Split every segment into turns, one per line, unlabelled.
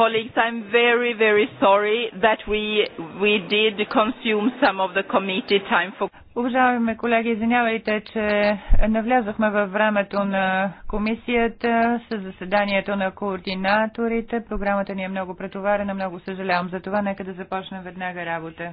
Colleagues, I'm very, very sorry that we, we did consume some of the committee time for...
Уважаваме колеги, извинявайте, че навлязохме във времето на комисията с заседанието на координаторите. Програмата ни е много претоварена, много съжалявам за това. Нека да започнем веднага работа.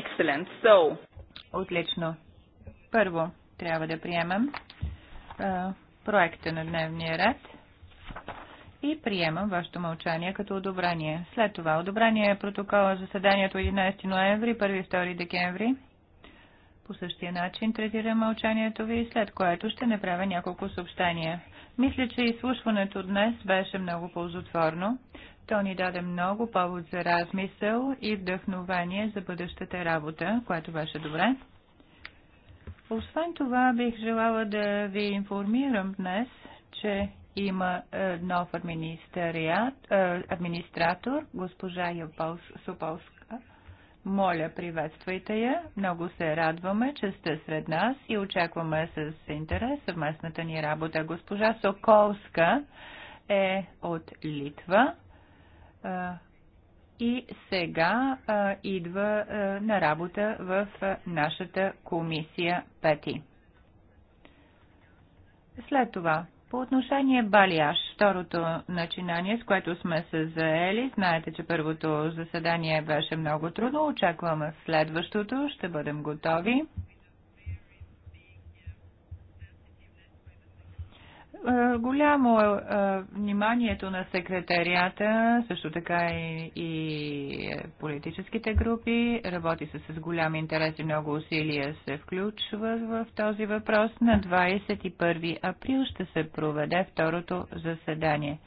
Excellent. So... Отлично. Първо трябва да приемам а, проекта на дневния ред и приемам вашето мълчание като одобрение. След това одобрение е протокола за съданието 11 ноември, 1-2 декември. По същия начин третирам мълчанието ви, след което ще направя няколко съобщения. Мисля, че изслушването днес беше много ползотворно. То ни даде много повод за размисъл и вдъхновение за бъдещата работа, което беше добре. Освен това, бих желала да ви информирам днес, че има е, нов е, администратор, госпожа Япол Сополска моля, приветствайте я. Много се радваме, че сте сред нас и очакваме с интерес съвместната ни работа. Госпожа Соколска е от Литва и сега идва на работа в нашата комисия Пети. След това по отношение Балиаш, второто начинание, с което сме се заели, знаете, че първото заседание беше много трудно, очакваме следващото, ще бъдем готови. Е, голямо е, е вниманието на секретарията, също така и, и политическите групи. Работи се с голям интерес и много усилия се включва в този въпрос. На 21 април ще се проведе второто заседание.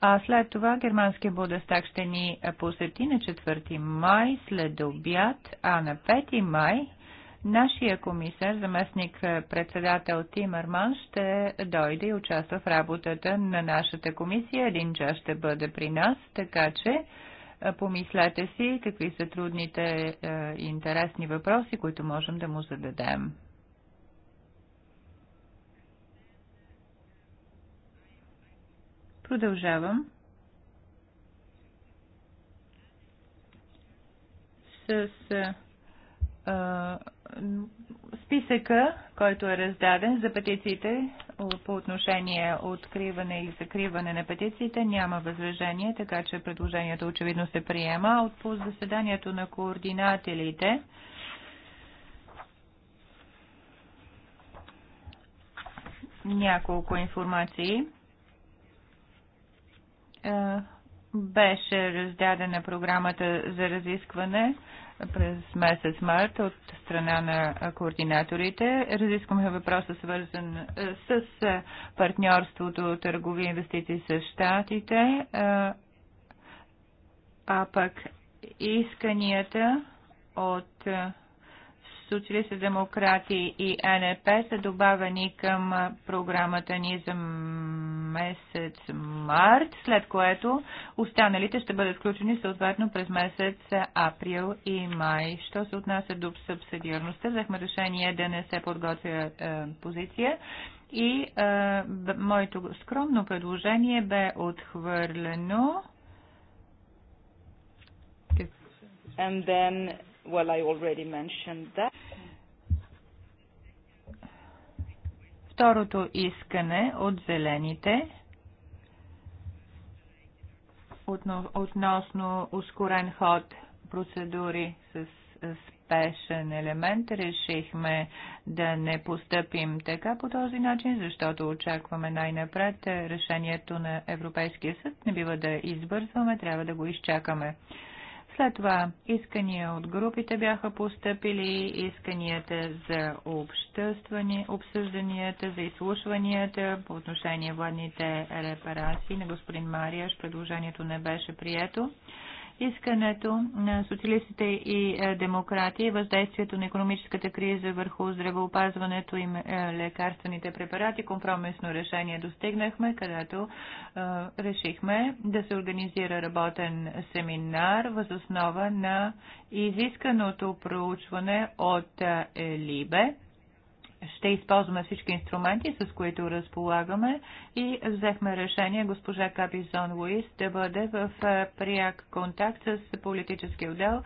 А след това германския Будестаг ще ни посети на 4 май след обяд, а на 5 май Нашия комисар, заместник е, председател Тимърман, ще дойде и участва в работата на нашата комисия. Един час ще бъде при нас, така че е, помислете си какви са трудните и е, интересни въпроси, които можем да му зададем. Продължавам. С списъка, който е раздаден за петициите по отношение откриване и закриване на петициите, няма възражение, така че предложението очевидно се приема. От по заседанието на координателите няколко информации. Беше раздадена програмата за разискване през месец март от страна на координаторите. Разискваме въпроса свързан е, с е, партньорството търгови инвестиции с щатите, е, а пък исканията от социалисти, демократи и НП са добавени към програмата ни за месец март, след което останалите ще бъдат включени съответно през месец април и май. Що се отнася до субсидиарността, взехме решение да не се подготвя е, позиция и е, моето скромно предложение бе отхвърлено. And then Well, I already mentioned that. Второто искане от зелените относно ускорен ход процедури с спешен елемент, решихме да не постъпим така по този начин, защото очакваме най-напред решението на Европейския съд. Не бива да избързваме, трябва да го изчакаме. След това искания от групите бяха поступили, исканията за обсъжданията, за изслушванията по отношение военните репарации на господин Мариаш. Предложението не беше прието искането на социалистите и е, демократи, въздействието на економическата криза върху здравеопазването и е, лекарствените препарати, компромисно решение достигнахме, където е, решихме да се организира работен семинар възоснова на изисканото проучване от Либе ще използваме всички инструменти, с които разполагаме и взехме решение госпожа Капизон Луис да бъде в пряк контакт с политически отдел,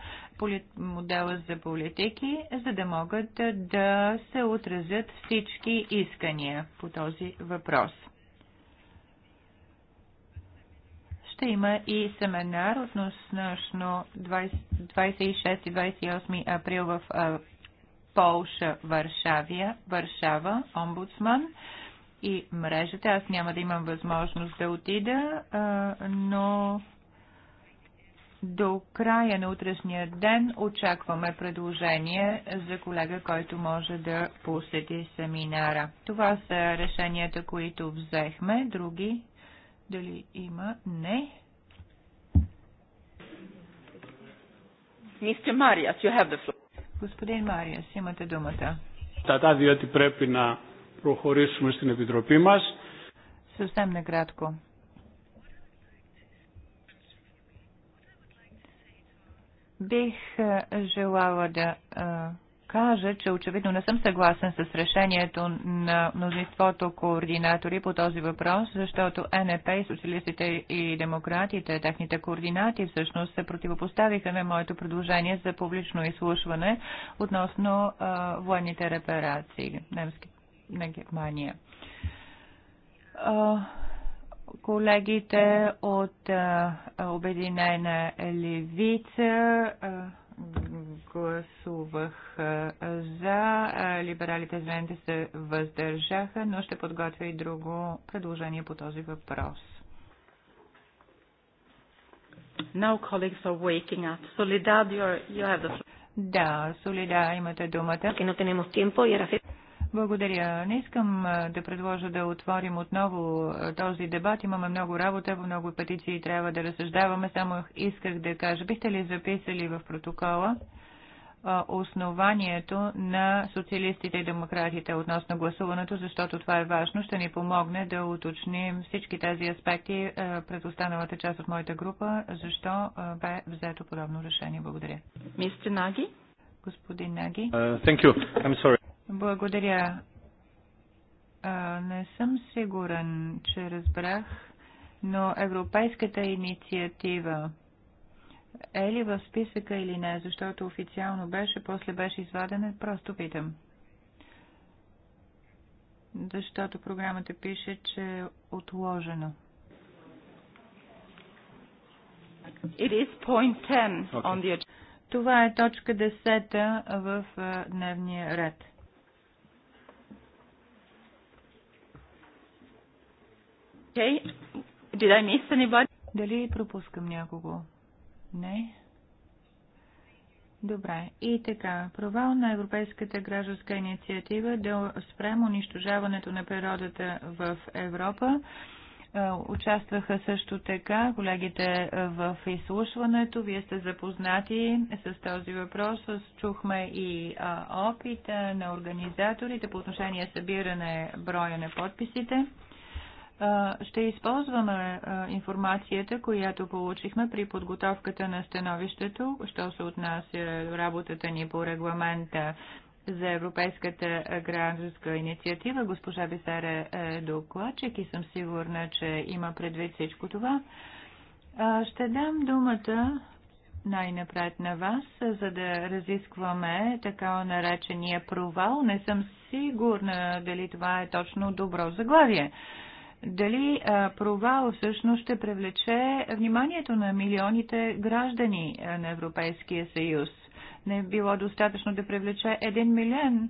модела за политики, за да могат да се отразят всички искания по този въпрос. ще има и семинар относно 26 и 28 април в Полша Варшавия, Варшава, омбудсман и мрежата. Аз няма да имам възможност да отида, но до края на утрешния ден очакваме предложение за колега, който може да посети семинара. Това са решенията, които взехме. Други дали има? Не. Мистер Мариас, you have the floor. Господин Мариас, имате думата.
Тата, διότι πρέπει να προχωρήσουμε στην Επιτροπή мас.
Съвсем накратко. Бих желала да кажа, че очевидно не съм съгласен с решението на мнозинството координатори по този въпрос, защото НП и социалистите и демократите, техните координати всъщност се противопоставиха на моето предложение за публично изслушване относно а, военните репарации немски, на Германия. А, колегите от а, Обединена левица а, гласувах за, либералите зелените се въздържаха, но ще подготвя и друго предложение по този въпрос. Now colleagues are waking up. you, are, you have the... Да, Солида, имате думата. Благодаря. Не искам да предложа да отворим отново този дебат. Имаме много работа, много петиции трябва да разсъждаваме. Само исках да кажа, бихте ли записали в протокола основанието на социалистите и демократите относно гласуването, защото това е важно. Ще ни помогне да уточним всички тези аспекти пред останалата част от моята група, защо бе взето подобно решение. Благодаря. Мистер Наги? Господин Наги?
Uh,
благодаря. не съм сигурен, че разбрах, но Европейската инициатива е ли в списъка или не, защото официално беше, после беше извадена, е просто питам. Защото програмата пише, че е отложено. It is point 10 okay. on the... Това е точка 10 в дневния ред. Okay. Did I miss anybody? Дали пропускам някого? Не. Добре. И така, провал на Европейската гражданска инициатива да спрем унищожаването на природата в Европа. Е, участваха също така колегите е, в изслушването. Вие сте запознати с този въпрос. Чухме и опита на организаторите по отношение събиране броя на подписите ще използваме информацията, която получихме при подготовката на становището, що се отнася работата ни по регламента за Европейската гражданска инициатива. Госпожа Бисара е докладчик и съм сигурна, че има предвид всичко това. Ще дам думата най-напред на вас, за да разискваме така наречения провал. Не съм сигурна дали това е точно добро заглавие дали провал всъщност ще привлече вниманието на милионите граждани на Европейския съюз. Не е било достатъчно да привлече един милион,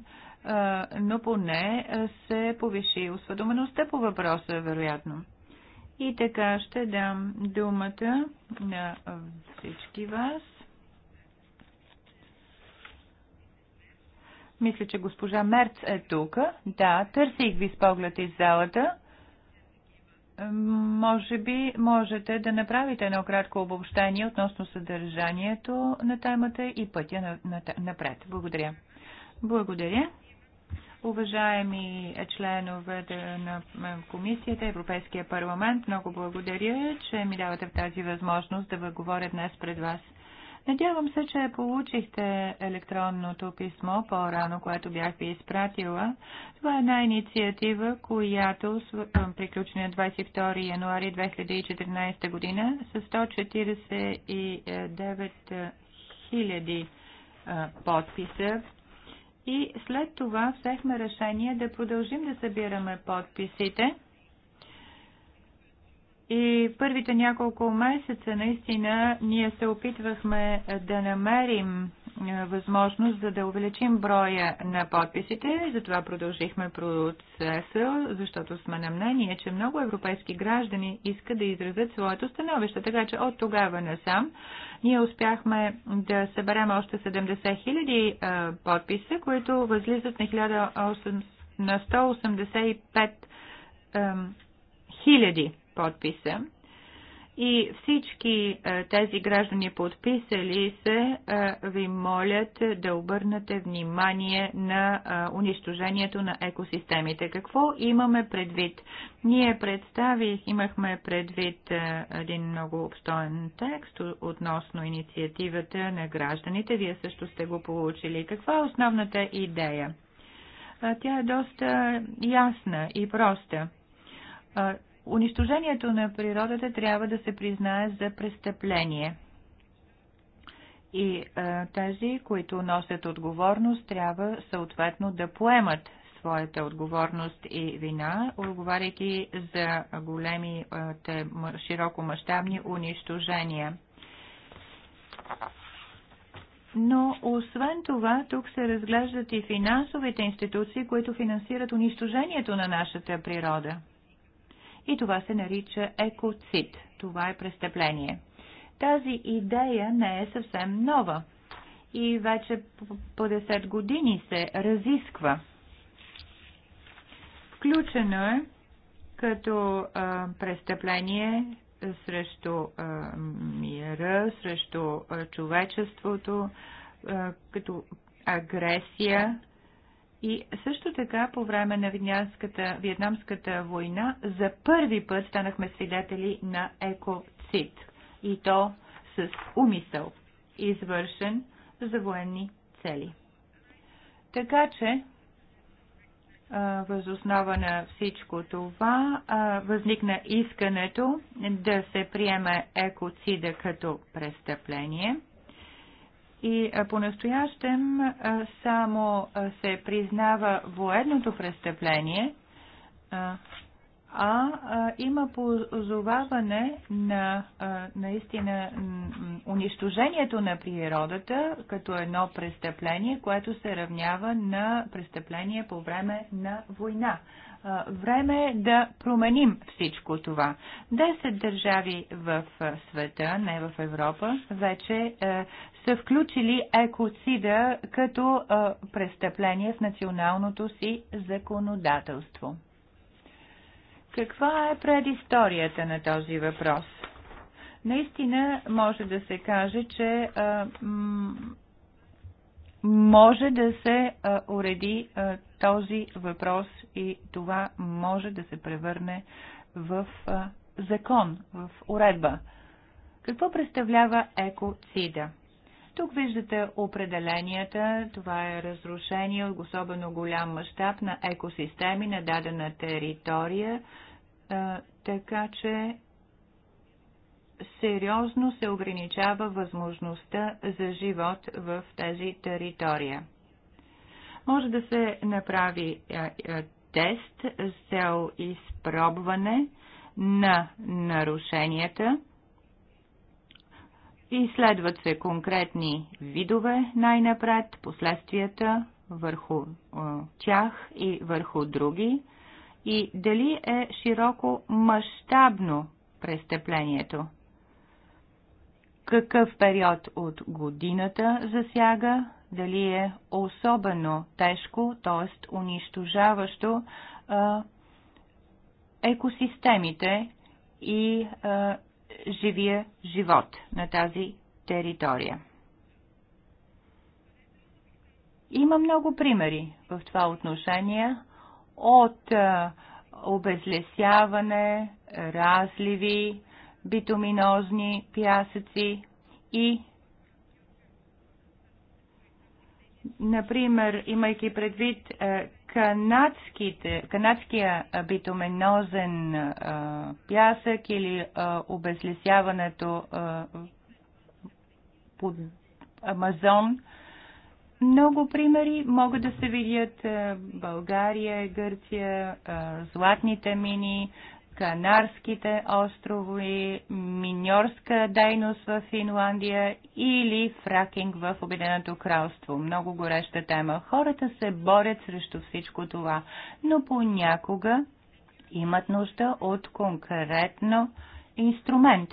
но поне се повиши осведомеността по въпроса, вероятно. И така ще дам думата на всички вас. Мисля, че госпожа Мерц е тук. Да, търсих ви с поглед из залата. Може би можете да направите едно кратко обобщение относно съдържанието на темата и пътя на, напред. Благодаря. Благодаря. Уважаеми членове на Комисията, Европейския парламент, много благодаря, че ми давате в тази възможност да говоря днес пред вас. Надявам се, че получихте електронното писмо по-рано, което бях ви изпратила. Това е една инициатива, която приключи на 22 януари 2014 година с 149 000 подписа и след това взехме решение да продължим да събираме подписите и първите няколко месеца наистина ние се опитвахме да намерим е, възможност за да увеличим броя на подписите. Затова продължихме процеса, защото сме на мнение, че много европейски граждани искат да изразят своето становище. Така че от тогава насам ние успяхме да съберем още 70 хиляди е, подписа, които възлизат на, на 185 хиляди подписа. И всички е, тези граждани подписали се е, ви молят да обърнете внимание на е, унищожението на екосистемите. Какво имаме предвид? Ние представих, имахме предвид един много обстоен текст относно инициативата на гражданите. Вие също сте го получили. Каква е основната идея? Тя е доста ясна и проста Унищожението на природата трябва да се признае за престъпление. И а, тези, които носят отговорност, трябва съответно да поемат своята отговорност и вина, отговаряйки за големи широко широкомащабни унищожения. Но освен това, тук се разглеждат и финансовите институции, които финансират унищожението на нашата природа и това се нарича екоцид. Това е престъпление. Тази идея не е съвсем нова и вече по 10 години се разисква. Включено е като а, престъпление срещу а, мира, срещу а, човечеството, а, като агресия и също така по време на Вьетнамската, Вьетнамската война за първи път станахме свидетели на екоцид. И то с умисъл, извършен за военни цели. Така че, възоснова на всичко това, възникна искането да се приеме екоцида като престъпление – и по-настоящем само се признава военното престъпление, а има позоваване на наистина унищожението на природата като едно престъпление, което се равнява на престъпление по време на война време е да променим всичко това. Десет държави в света, не в Европа, вече са включили екоцида като престъпление в националното си законодателство. Каква е предисторията на този въпрос? Наистина може да се каже, че може да се уреди този въпрос и това може да се превърне в закон, в уредба. Какво представлява екоцида? Тук виждате определенията. Това е разрушение от особено голям мащаб на екосистеми на дадена територия, така че сериозно се ограничава възможността за живот в тази територия. Може да се направи тест с цел изпробване на нарушенията. Изследват се конкретни видове най-напред, последствията върху тях и върху други и дали е широко мащабно престъплението. Какъв период от годината засяга дали е особено тежко, т.е. унищожаващо а, екосистемите и а, живия живот на тази територия. Има много примери в това отношение от а, обезлесяване, разливи, битуминозни пясъци и Например, имайки предвид е, канадските, канадския битуменозен е, пясък или е, обезлесяването под Амазон, много примери могат да се видят България, Гърция, златните мини, Канарските острови, миньорска дейност в Финландия или фракинг в Обединеното кралство. Много гореща тема. Хората се борят срещу всичко това, но понякога имат нужда от конкретно инструмент.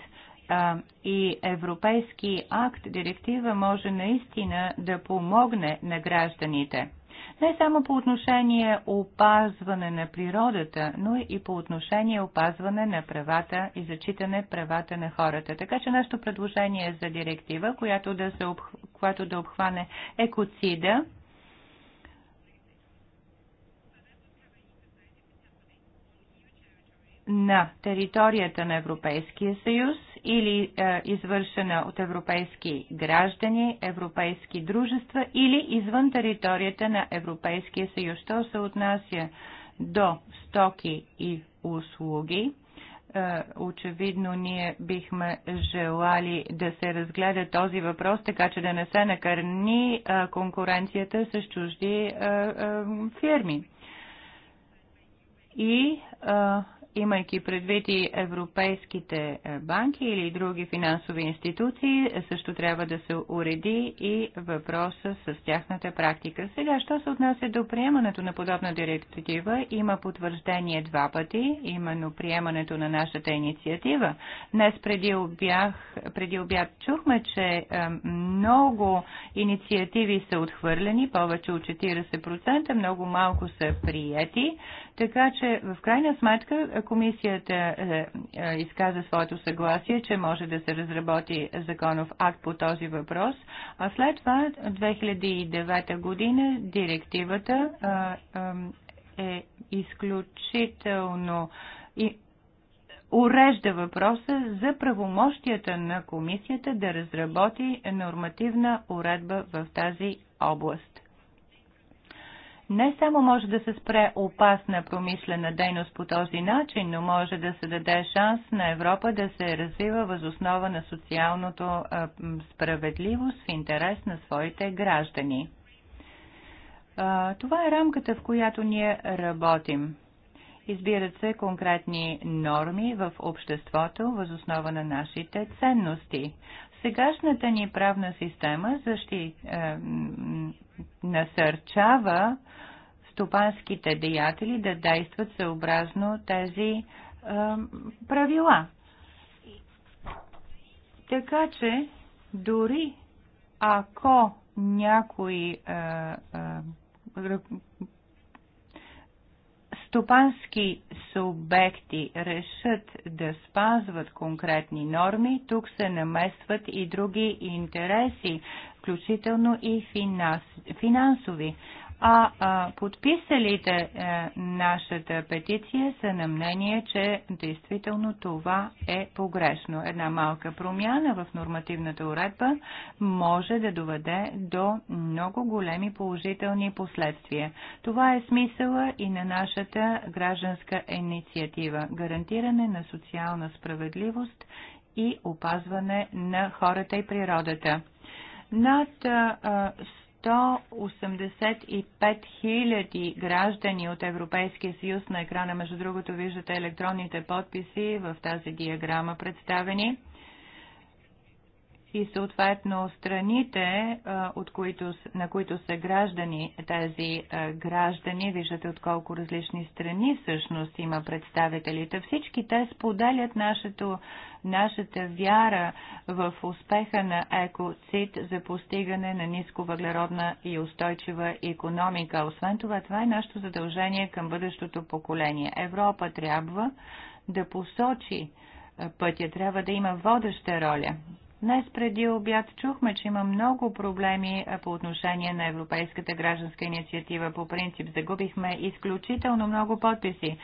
и европейски акт, директива може наистина да помогне на гражданите не само по отношение опазване на природата, но и по отношение опазване на правата и зачитане правата на хората. Така че нашето предложение е за директива, която да, се обх... която да обхване екоцида, на територията на Европейския съюз или е, извършена от европейски граждани, европейски дружества или извън територията на Европейския съюз. Що се отнася до стоки и услуги, е, очевидно ние бихме желали да се разгледа този въпрос, така че да не се накърни е, конкуренцията с чужди е, е, фирми. И е, имайки предвид и европейските е, банки или други финансови институции, също трябва да се уреди и въпроса с тяхната практика. Сега, що се отнася до приемането на подобна директива, има потвърждение два пъти, именно приемането на нашата инициатива. Днес преди, обях, преди обяд чухме, че е, много инициативи са отхвърлени, повече от 40%, много малко са приети. Така че в крайна сметка комисията е, е, изказа своето съгласие, че може да се разработи законов акт по този въпрос, а след това 2009 година директивата е, е изключително и урежда въпроса за правомощията на комисията да разработи нормативна уредба в тази област не само може да се спре опасна промишлена дейност по този начин, но може да се даде шанс на Европа да се развива възоснова на социалното справедливост в интерес на своите граждани. Това е рамката, в която ние работим. Избират се конкретни норми в обществото възоснова на нашите ценности. Сегашната ни правна система защи, насърчава стопанските деятели да действат съобразно тези е, правила. Така че, дори ако някой е, е, стопански субекти решат да спазват конкретни норми, тук се намесват и други интереси, включително и финансови. А, а подписалите е, нашата петиция са на мнение, че действително това е погрешно. Една малка промяна в нормативната уредба може да доведе до много големи положителни последствия. Това е смисъла и на нашата гражданска инициатива гарантиране на социална справедливост и опазване на хората и природата. Над 185 хиляди граждани от Европейския съюз на екрана, между другото виждате електронните подписи в тази диаграма представени – и съответно страните, от които, на които са граждани тези граждани, виждате от колко различни страни всъщност има представителите. Всички те споделят нашето, нашата вяра в успеха на екоцит за постигане на ниско въглеродна и устойчива економика. Освен това, това е нашето задължение към бъдещото поколение. Европа трябва да посочи пътя, трябва да има водеща роля. Днес преди обяд чухме, че има много проблеми по отношение на Европейската гражданска инициатива. По принцип загубихме изключително много подписи.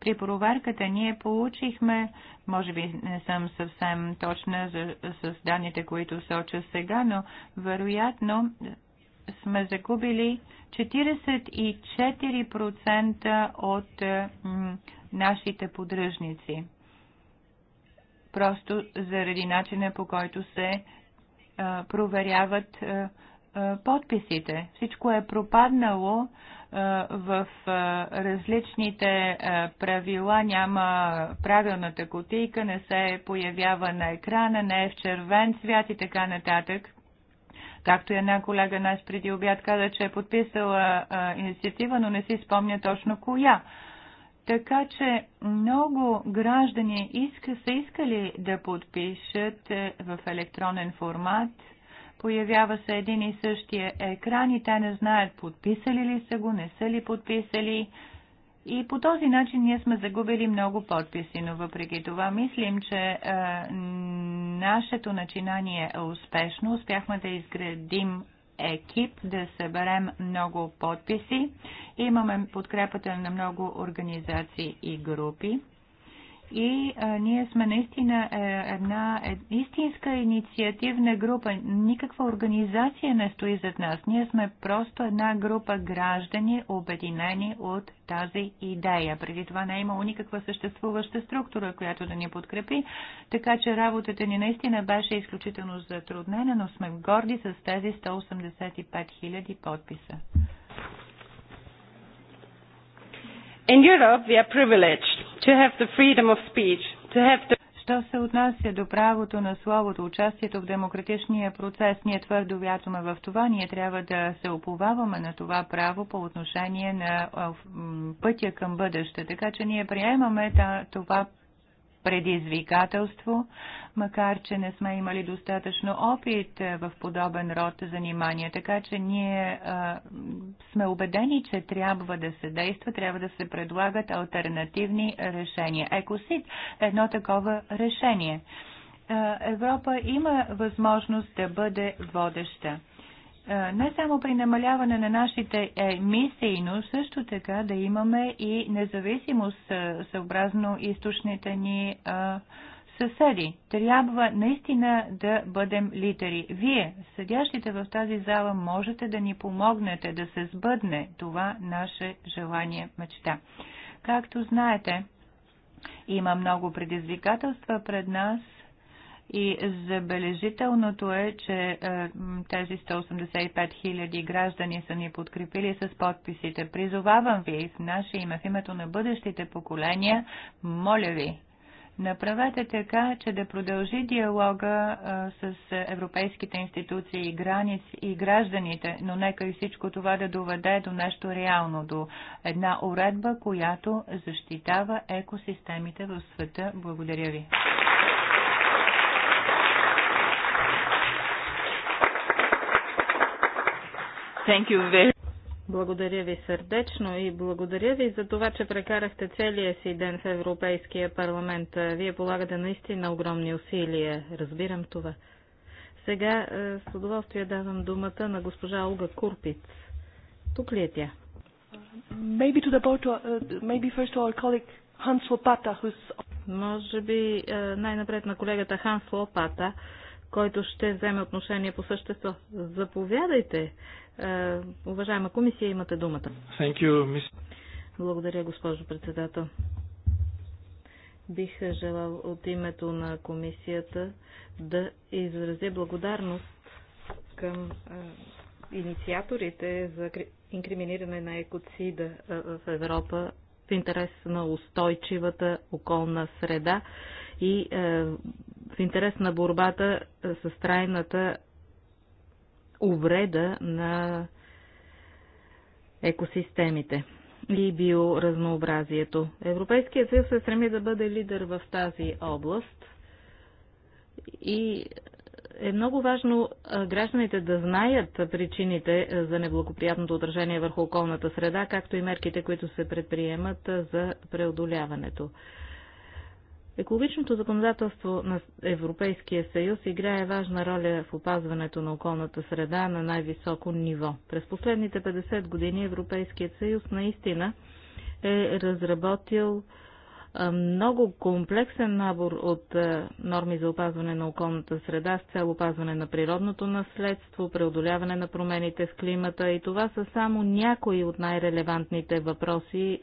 При проверката ние получихме, може би не съм съвсем точна за, с данните, които соча сега, но вероятно сме загубили 44% от нашите подръжници просто заради начина по който се а, проверяват а, а, подписите. Всичко е пропаднало в различните правила, няма правилната котика, не се появява на екрана, не е в червен цвят и така нататък. Както и една колега наш преди обяд каза, че е подписала а, инициатива, но не си спомня точно коя. Така че много граждани иска, са искали да подпишат е, в електронен формат. Появява се един и същия екран и те не знаят подписали ли са го, не са ли подписали. И по този начин ние сме загубили много подписи, но въпреки това мислим, че е, нашето начинание е успешно. Успяхме да изградим екип да съберем много подписи. Имаме подкрепата на много организации и групи и а, ние сме наистина е, една е, истинска инициативна група. Никаква организация не стои зад нас. Ние сме просто една група граждани, обединени от тази идея. Преди това не е имало никаква съществуваща структура, която да ни подкрепи, така че работата ни наистина беше изключително затруднена, но сме горди с тези 185 000 подписа. In Europe we are privileged to have the freedom of speech, to have the Що се отнася до правото на словото, участието в демократичния процес, ние твърдо вярваме в това. Ние трябва да се оповаваме на това право по отношение на пътя към бъдеще. Така че ние приемаме това предизвикателство, макар че не сме имали достатъчно опит е, в подобен род занимания. Така че ние а, е, сме убедени, че трябва да се действа, трябва да се предлагат альтернативни решения. Екосит е едно такова решение. Е, Европа има възможност да бъде водеща. Е, не само при намаляване на нашите е, емисии, но също така да имаме и независимост е, съобразно източните ни съседи. Трябва наистина да бъдем лидери. Вие, седящите в тази зала, можете да ни помогнете да се сбъдне това наше желание, мечта. Както знаете, има много предизвикателства пред нас – и забележителното е, че е, тези 185 хиляди граждани са ни подкрепили с подписите. Призовавам ви в наше име, в името на бъдещите поколения, моля ви, Направете така, че да продължи диалога е, с европейските институции и граници и гражданите, но нека и всичко това да доведе до нещо реално, до една уредба, която защитава екосистемите в света. Благодаря ви.
Thank you very благодаря ви сърдечно и благодаря ви за това, че прекарахте целия си ден в Европейския парламент. Вие полагате наистина огромни усилия. Разбирам това. Сега е, с удоволствие давам думата на госпожа Олга Курпиц. Тук ли е тя? Maybe to the uh, maybe first to our colleague Hans Lopata, who's... Може би е, най-напред на колегата Ханс Лопата, който ще вземе отношение по същество. Заповядайте. Е, уважаема комисия, имате думата.
Thank you, miss.
Благодаря, госпожо председател. Бих желал от името на комисията да изразя благодарност към е, инициаторите за инкриминиране на екоцида е, в Европа в интерес на устойчивата околна среда и е, в интерес на борбата е, с трайната увреда на екосистемите и биоразнообразието. Европейският съюз се стреми да бъде лидер в тази област и е много важно е, гражданите да знаят причините за неблагоприятното отражение върху околната среда, както и мерките, които се предприемат за преодоляването. Екологичното законодателство на Европейския съюз играе важна роля в опазването на околната среда на най-високо ниво. През последните 50 години Европейският съюз наистина е разработил много комплексен набор от норми за опазване на околната среда с цел опазване на природното наследство, преодоляване на промените в климата и това са само някои от най-релевантните въпроси,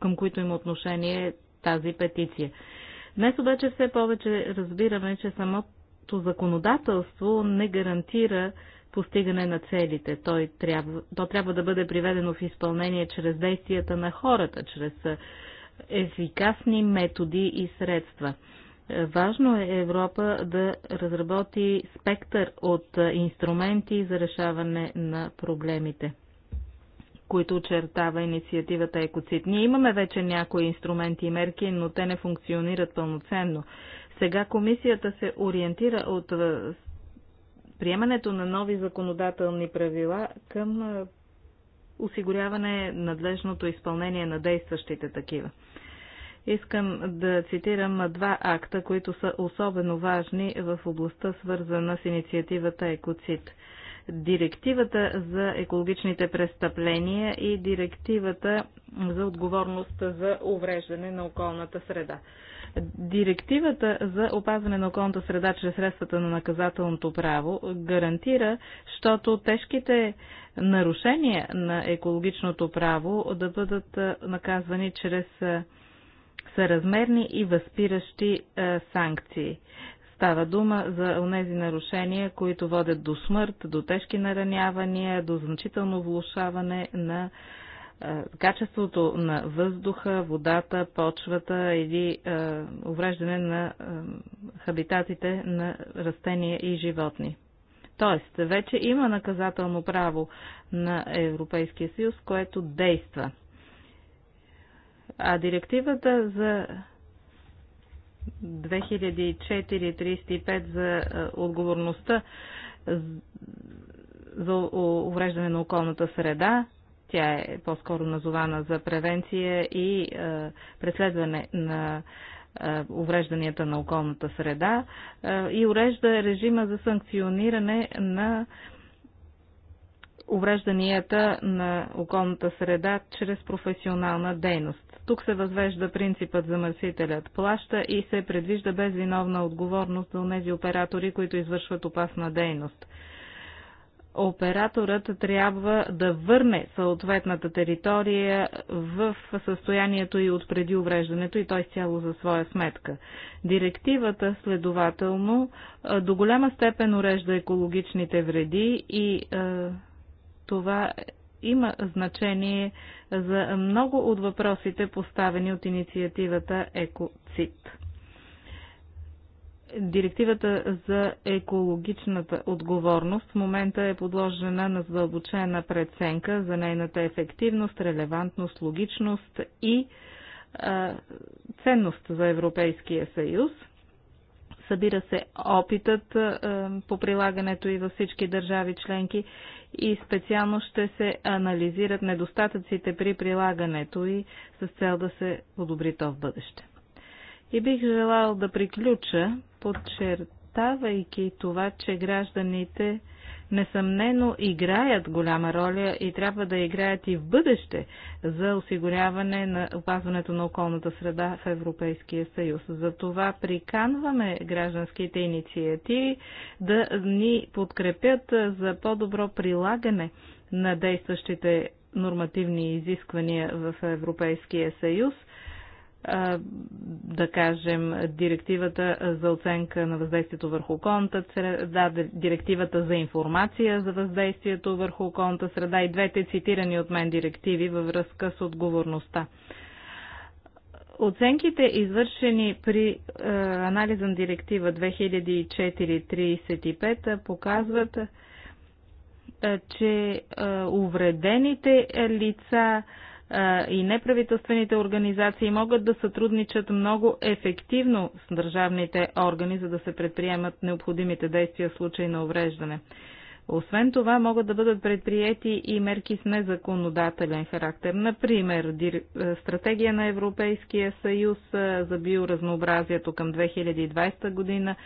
към които има отношение тази петиция. Днес обаче все повече разбираме, че самото законодателство не гарантира постигане на целите. Той трябва, то трябва да бъде приведено в изпълнение чрез действията на хората, чрез ефикасни методи и средства. Важно е Европа да разработи спектър от инструменти за решаване на проблемите които очертава инициативата Екоцит. Ние имаме вече някои инструменти и мерки, но те не функционират пълноценно. Сега комисията се ориентира от приемането на нови законодателни правила към осигуряване надлежното изпълнение на действащите такива. Искам да цитирам два акта, които са особено важни в областта свързана с инициативата Екоцит директивата за екологичните престъпления и директивата за отговорност за увреждане на околната среда. Директивата за опазване на околната среда чрез средствата на наказателното право гарантира, защото тежките нарушения на екологичното право да бъдат наказвани чрез съразмерни и възпиращи санкции. Става дума за тези нарушения, които водят до смърт, до тежки наранявания, до значително влушаване на качеството на въздуха, водата, почвата или е, увреждане на е, хабитатите на растения и животни. Тоест, вече има наказателно право на Европейския съюз, което действа. А директивата за 2004-35 за е, отговорността за увреждане на околната среда. Тя е по-скоро назована за превенция и е, преследване на е, уврежданията на околната среда и урежда режима за санкциониране на уврежданията на околната среда чрез професионална дейност. Тук се възвежда принципът за мърсителят, плаща и се предвижда безвиновна отговорност за тези оператори, които извършват опасна дейност. Операторът трябва да върне съответната територия в състоянието и от преди увреждането и той цяло за своя сметка. Директивата, следователно, до голяма степен урежда екологичните вреди и е, това има значение за много от въпросите, поставени от инициативата ЕКОЦИТ. Директивата за екологичната отговорност в момента е подложена на задълбочена преценка за нейната ефективност, релевантност, логичност и а, ценност за Европейския съюз. Събира се опитът а, по прилагането и във всички държави членки и специално ще се анализират недостатъците при прилагането и с цел да се подобри то в бъдеще. И бих желал да приключа, подчертавайки това, че гражданите несъмнено играят голяма роля и трябва да играят и в бъдеще за осигуряване на опазването на околната среда в Европейския съюз. Затова приканваме гражданските инициативи да ни подкрепят за по-добро прилагане на действащите нормативни изисквания в Европейския съюз – да кажем, директивата за оценка на въздействието върху околната среда, директивата за информация за въздействието върху околната среда и двете цитирани от мен директиви във връзка с отговорността. Оценките, извършени при е, анализа на директива 2004-35, показват, е, че е, увредените лица е, и неправителствените организации могат да сътрудничат много ефективно с държавните органи, за да се предприемат необходимите действия в случай на увреждане. Освен това, могат да бъдат предприяти и мерки с незаконодателен характер, например стратегия на Европейския съюз за биоразнообразието към 2020 година,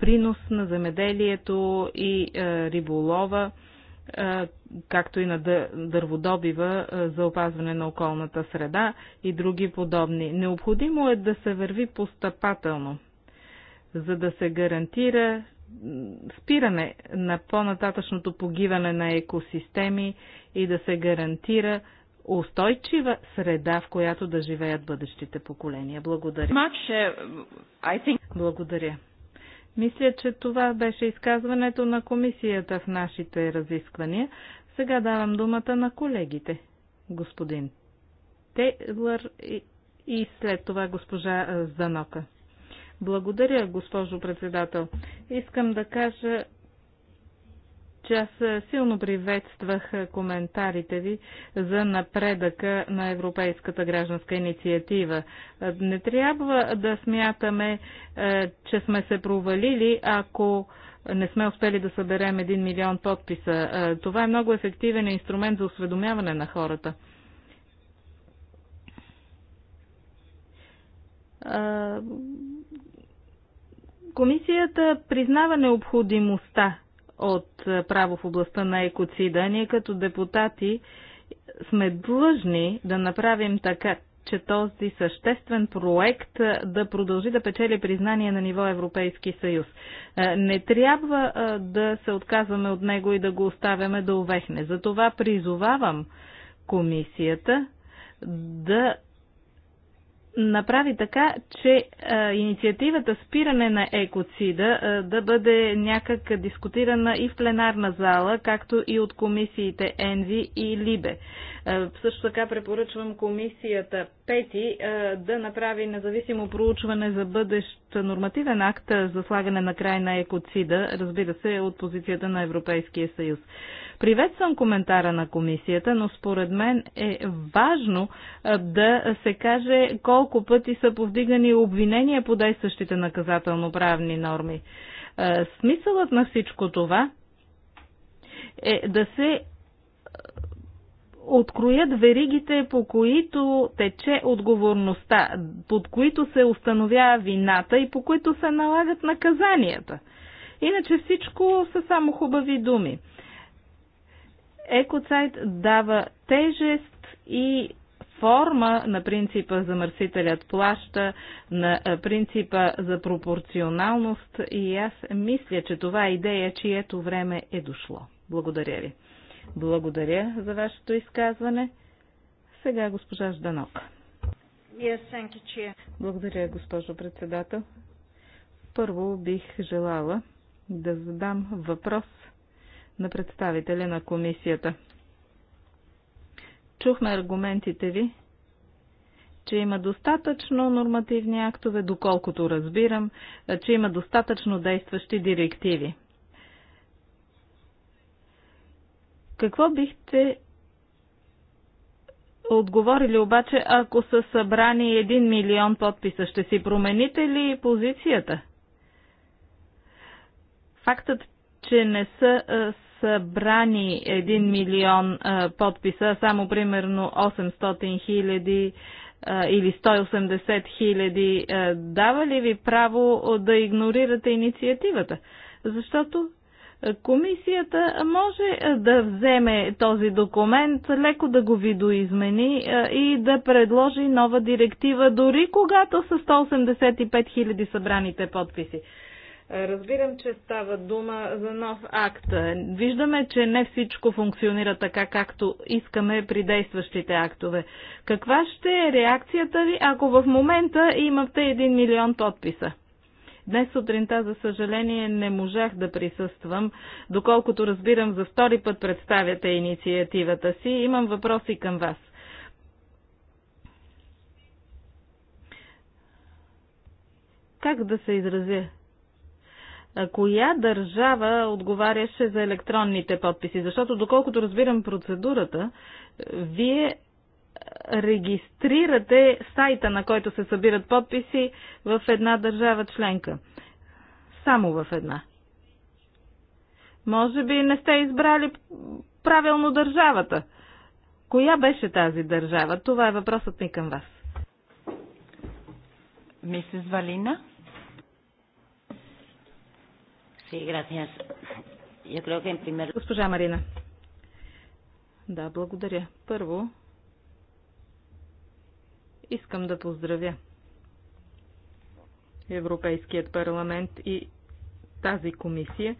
принос на земеделието и риболова – както и на дърводобива за опазване на околната среда и други подобни. Необходимо е да се върви постъпателно, за да се гарантира спиране на по-нататъчното погиване на екосистеми и да се гарантира устойчива среда, в която да живеят бъдещите поколения. Благодаря.
Uh,
Благодаря. Мисля, че това беше изказването на комисията в нашите разисквания. Сега давам думата на колегите. Господин Тейлър и след това госпожа Занока. Благодаря, госпожо председател. Искам да кажа че аз силно приветствах коментарите ви за напредъка на Европейската гражданска инициатива. Не трябва да смятаме, е, че сме се провалили, ако не сме успели да съберем 1 милион подписа. Е, това е много ефективен инструмент за осведомяване на хората. Е, комисията признава необходимостта от е, право в областта на екоцида, ние като депутати сме длъжни да направим така, че този съществен проект е, да продължи да печели признание на ниво Европейски съюз. Е, не трябва да се отказваме от него и да го оставяме да увехне. Затова призовавам комисията да направи така, че а, инициативата спиране на екоцида а, да бъде някак дискутирана и в пленарна зала, както и от комисиите ЕНВИ и ЛИБЕ. А, също така препоръчвам комисията Пети а, да направи независимо проучване за бъдещ нормативен акт за слагане на край на екоцида, разбира се, от позицията на Европейския съюз. Приветствам коментара на комисията, но според мен е важно а, да се каже колко няколко пъти са повдигани обвинения по действащите наказателно-правни норми. Е, смисълът на всичко това е да се е, откроят веригите, по които тече отговорността, под които се установява вината и по които се налагат наказанията. Иначе всичко са само хубави думи. Екоцайт дава тежест и форма на принципа замърсителят плаща, на е, принципа за пропорционалност и аз мисля, че това е идея, чието време е дошло. Благодаря ви. Благодаря за вашето изказване. Сега госпожа Жданок. Yes, you, Благодаря, госпожо председател. Първо бих желала да задам въпрос на представителя на комисията – Чухме аргументите ви, че има достатъчно нормативни актове, доколкото разбирам, че има достатъчно действащи директиви. Какво бихте отговорили обаче, ако са събрани 1 милион подписа? Ще си промените ли позицията? Фактът, че не са събрани 1 милион подписа, само примерно 800 хиляди или 180 хиляди, дава ли ви право да игнорирате инициативата? Защото комисията може да вземе този документ, леко да го видоизмени и да предложи нова директива, дори когато са 185 хиляди събраните подписи. Разбирам, че става дума за нов акт. Виждаме, че не всичко функционира така, както искаме при действащите актове. Каква ще е реакцията ви, ако в момента имате 1 милион подписа? Днес сутринта, за съжаление, не можах да присъствам. Доколкото разбирам, за втори път представяте инициативата си. Имам въпроси към вас. Как да се изразя? коя държава отговаряше за електронните подписи? Защото, доколкото разбирам процедурата, вие регистрирате сайта, на който се събират подписи в една държава членка. Само в една. Може би не сте избрали правилно държавата. Коя беше тази държава? Това е въпросът ми към вас. Мисис Валина? Sí, gracias. Yo creo que en primer... Госпожа Марина. Да, благодаря. Първо, искам да поздравя Европейският парламент и тази комисия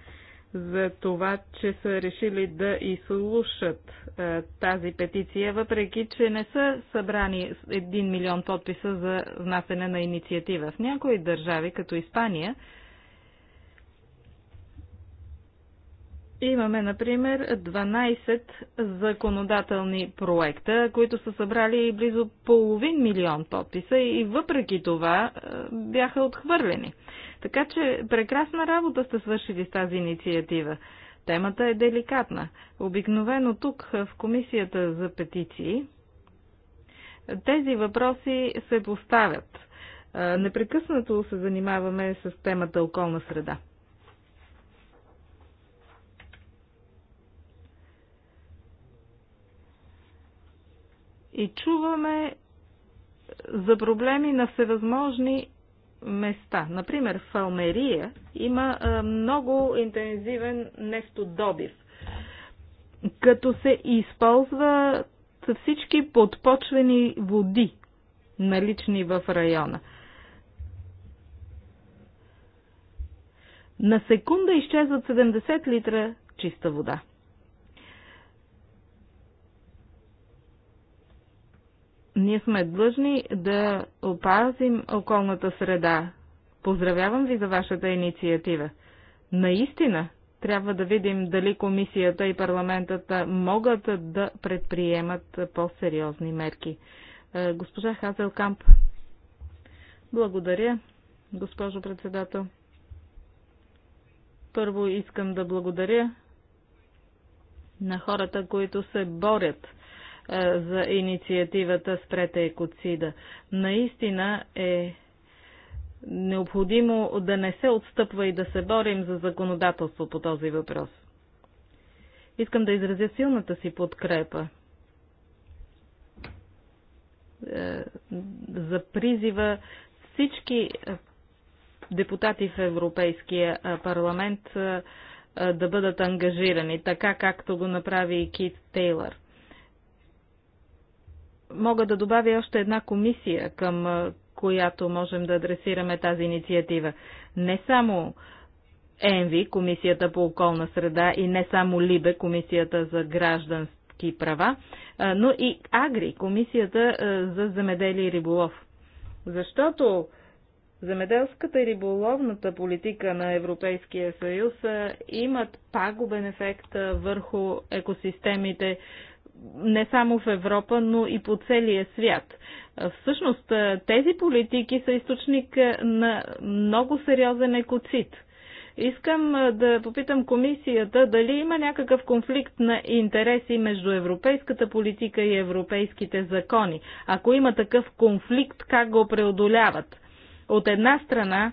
за това, че са решили да изслушат е, тази петиция, въпреки, че не са събрани 1 милион подписа за внасене на инициатива. В някои държави, като Испания, Имаме, например, 12 законодателни проекта, които са събрали близо половин милион подписа и въпреки това е, бяха отхвърлени. Така че прекрасна работа сте свършили с тази инициатива. Темата е деликатна. Обикновено тук в Комисията за петиции тези въпроси се поставят. Е, непрекъснато се занимаваме с темата околна среда. и чуваме за проблеми на всевъзможни места. Например, в Алмерия има много интензивен нефтодобив, като се използват всички подпочвени води, налични в района. На секунда изчезват 70 литра чиста вода. Ние сме длъжни да опазим околната среда. Поздравявам ви за вашата инициатива. Наистина, трябва да видим дали комисията и парламентата могат да предприемат по-сериозни мерки. Е, госпожа Хазелкамп. Благодаря, госпожо председател. Първо искам да благодаря на хората, които се борят е, за инициативата Спрете екоцида. Наистина е необходимо да не се отстъпва и да се борим за законодателство по този въпрос. Искам да изразя силната си подкрепа е, за призива всички депутати в Европейския е, парламент да бъдат ангажирани, така както го направи и Кит Тейлърт мога да добавя още една комисия, към която можем да адресираме тази инициатива. Не само ЕНВИ, Комисията по околна среда и не само ЛИБЕ, Комисията за граждански права, но и АГРИ, Комисията за земеделие и риболов. Защото земеделската и риболовната политика на Европейския съюз имат пагубен ефект върху екосистемите, не само в Европа, но и по целия свят. Всъщност тези политики са източник на много сериозен екоцит. Искам да попитам комисията дали има някакъв конфликт на интереси между европейската политика и европейските закони. Ако има такъв конфликт, как го преодоляват? От една страна,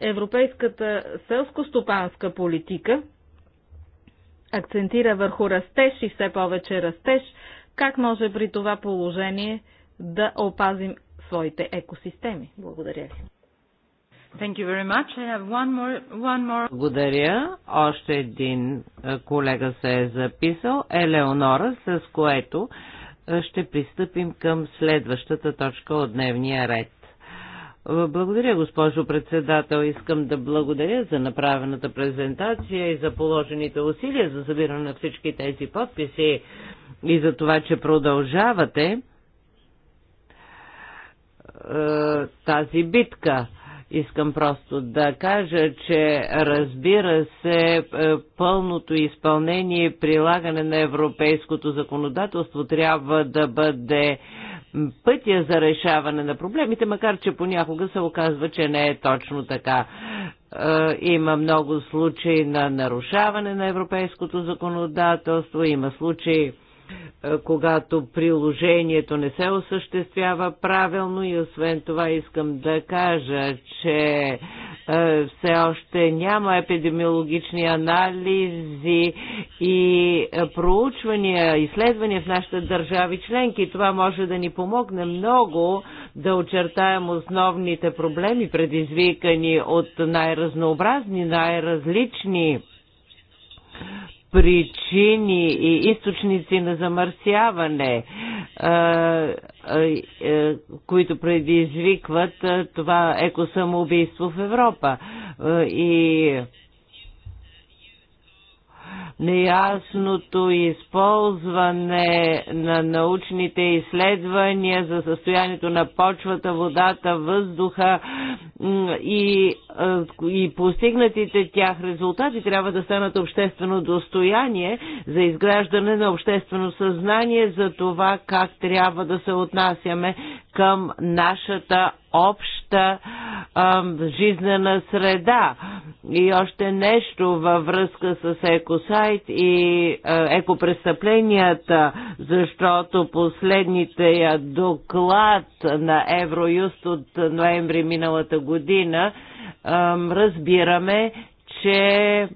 европейската селско-стопанска политика – акцентира върху растеж и все повече растеж, как може при това положение да опазим своите екосистеми? Благодаря ви. Thank you very much. I
have one more, one more. Благодаря. Още един колега се е записал, Елеонора, с което ще пристъпим към следващата точка от дневния ред. Благодаря, госпожо председател. Искам да благодаря за направената презентация и за положените усилия за събиране на всички тези подписи и за това, че продължавате е, тази битка. Искам просто да кажа, че разбира се, е, пълното изпълнение и прилагане на европейското законодателство трябва да бъде пътя за решаване на проблемите, макар че понякога се оказва, че не е точно така. Е, има много случаи на нарушаване на европейското законодателство, има случаи е, когато приложението не се осъществява правилно и освен това искам да кажа, че е, все още няма епидемиологични анализи и е, проучвания, изследвания в нашите държави членки. Това може да ни помогне много да очертаем основните проблеми, предизвикани от най-разнообразни, най-различни причини и източници на замърсяване, които предизвикват това екосамоубийство в Европа. И неясното използване на научните изследвания за състоянието на почвата, водата, въздуха и, и постигнатите тях резултати трябва да станат обществено достояние за изграждане на обществено съзнание за това как трябва да се отнасяме към нашата обща а, жизнена среда. И още нещо във връзка с екосай апартайт и е, екопрестъпленията, защото последните доклад на Евроюст от ноември миналата година разбираме, че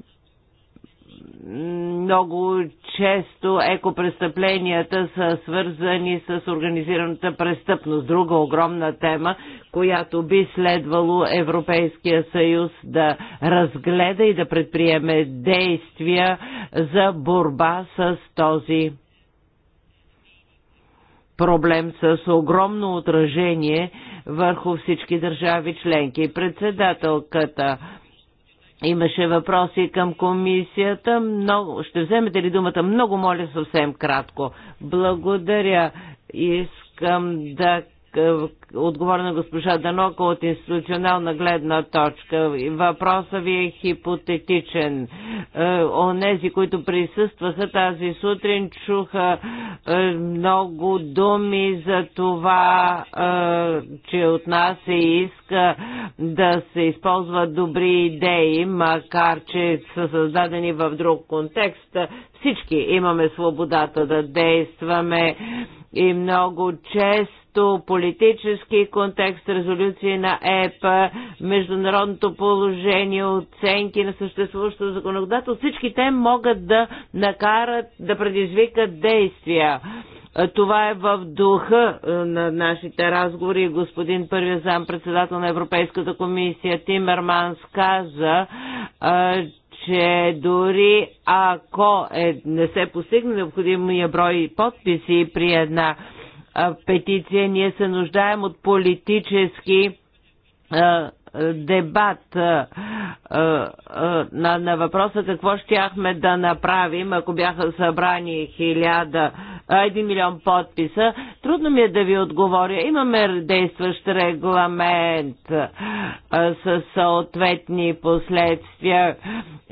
много често екопрестъпленията са свързани с организираната престъпност. Друга огромна тема, която би следвало Европейския съюз да разгледа и да предприеме действия за борба с този проблем с огромно отражение върху всички държави членки. Председателката Имаше въпроси към комисията. Много, ще вземете ли думата? Много моля съвсем кратко. Благодаря. Искам да отговоря на госпожа Данока от институционална гледна точка. Въпросът ви е хипотетичен. Е, онези, които присъстваха тази сутрин, чуха е, много думи за това, е, че от нас се иска да се използват добри идеи, макар че са създадени в друг контекст. Всички имаме свободата да действаме и много често политически политически контекст, резолюции на ЕП, международното положение, оценки на съществуващото законодателство, всички те могат да накарат, да предизвикат действия. Това е в духа е, на нашите разговори. Господин първия зам председател на Европейската комисия Тимерманс каза, е, че дори ако е, не се постигне необходимия брой подписи при една петиция. Ние се нуждаем от политически дебат а, а, на, на въпроса какво щяхме да направим, ако бяха събрани хиляда 1 милион подписа. Трудно ми е да ви отговоря. Имаме действащ регламент а, с съответни последствия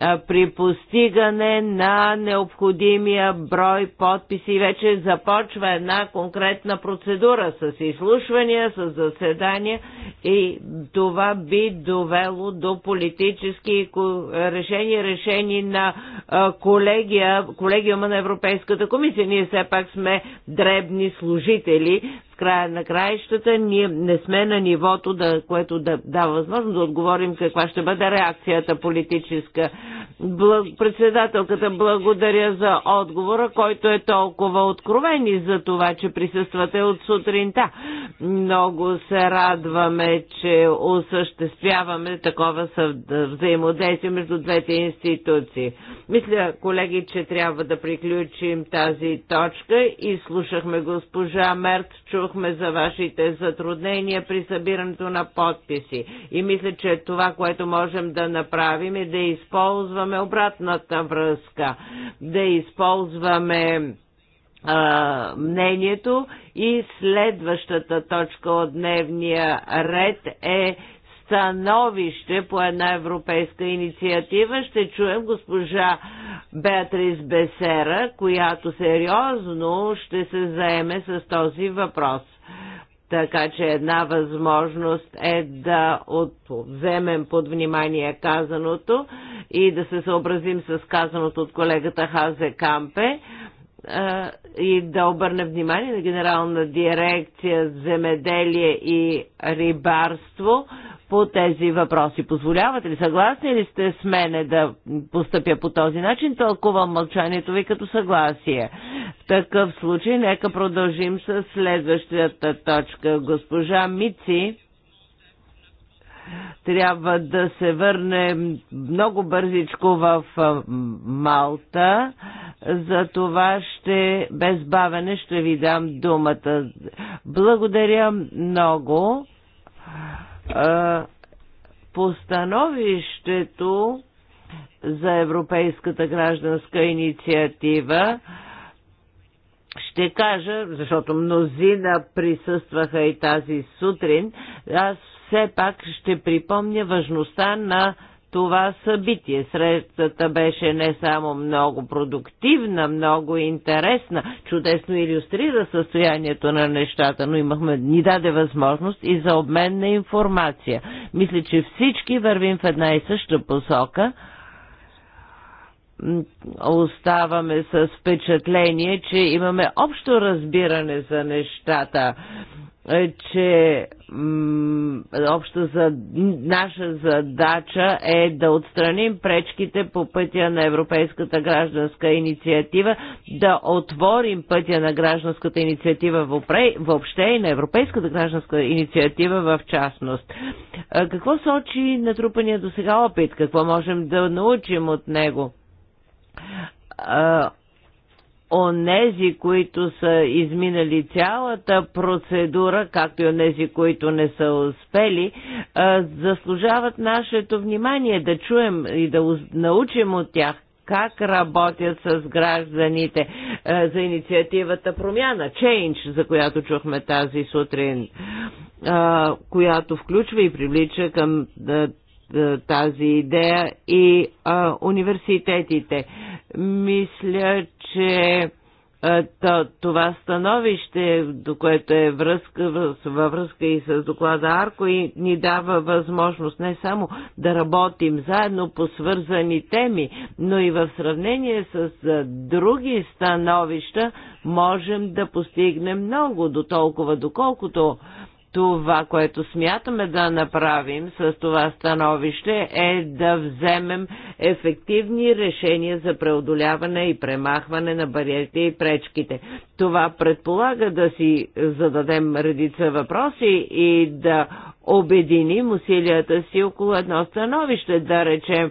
а, при постигане на необходимия брой подписи. Вече започва една конкретна процедура с изслушвания, с заседания и това би довело до политически решения, решени на колегия, колегиума на Европейската комисия. Ние все пак сме дребни служители края на краищата ние не сме на нивото, да, което да дава възможност да отговорим каква ще бъде реакцията политическа. Благ... Председателката благодаря за отговора, който е толкова откровен и за това, че присъствате от сутринта. Много се радваме, че осъществяваме такова взаимодействие между двете институции. Мисля, колеги, че трябва да приключим тази точка и слушахме госпожа Мерт, чух чухме за вашите затруднения при събирането на подписи. И мисля, че това, което можем да направим е да използваме обратната връзка, да използваме а, мнението и следващата точка от дневния ред е становище по една европейска инициатива. Ще чуем госпожа Беатрис Бесера, която сериозно ще се заеме с този въпрос. Така че една възможност е да вземем под внимание казаното и да се съобразим с казаното от колегата Хазе Кампе е, и да обърне внимание на Генерална дирекция земеделие и рибарство по тези въпроси. Позволявате ли, съгласни ли сте с мене да постъпя по този начин? Тълкувам мълчанието ви като съгласие. В такъв случай, нека продължим с следващата точка. Госпожа Мици трябва да се върне много бързичко в Малта. За това ще, без бавене, ще ви дам думата. Благодаря много. Постановището за Европейската гражданска инициатива ще кажа, защото мнозина присъстваха и тази сутрин, аз все пак ще припомня важността на това събитие. Срещата беше не само много продуктивна, много интересна, чудесно иллюстрира състоянието на нещата, но имахме, ни даде възможност и за обмен на информация. Мисля, че всички вървим в една и съща посока оставаме с впечатление, че имаме общо разбиране за нещата. Е, че общо за, наша задача е да отстраним пречките по пътя на Европейската гражданска инициатива, да отворим пътя на гражданската инициатива въобще и на Европейската гражданска инициатива в частност. Е, какво сочи натрупания до сега опит? Какво можем да научим от него? Е, онези, които са изминали цялата процедура, както и онези, които не са успели, заслужават нашето внимание да чуем и да научим от тях как работят с гражданите за инициативата промяна, Change, за която чухме тази сутрин, която включва и привлича към е, тази идея и а, е, университетите. Мисля, че е, това становище, до което е връзка, във връзка и с доклада Арко, и ни дава възможност не само да работим заедно по свързани теми, но и в сравнение с други становища можем да постигнем много, до толкова доколкото това, което смятаме да направим с това становище е да вземем ефективни решения за преодоляване и премахване на бариерите и пречките. Това предполага да си зададем редица въпроси и да обединим усилията си около едно становище, да речем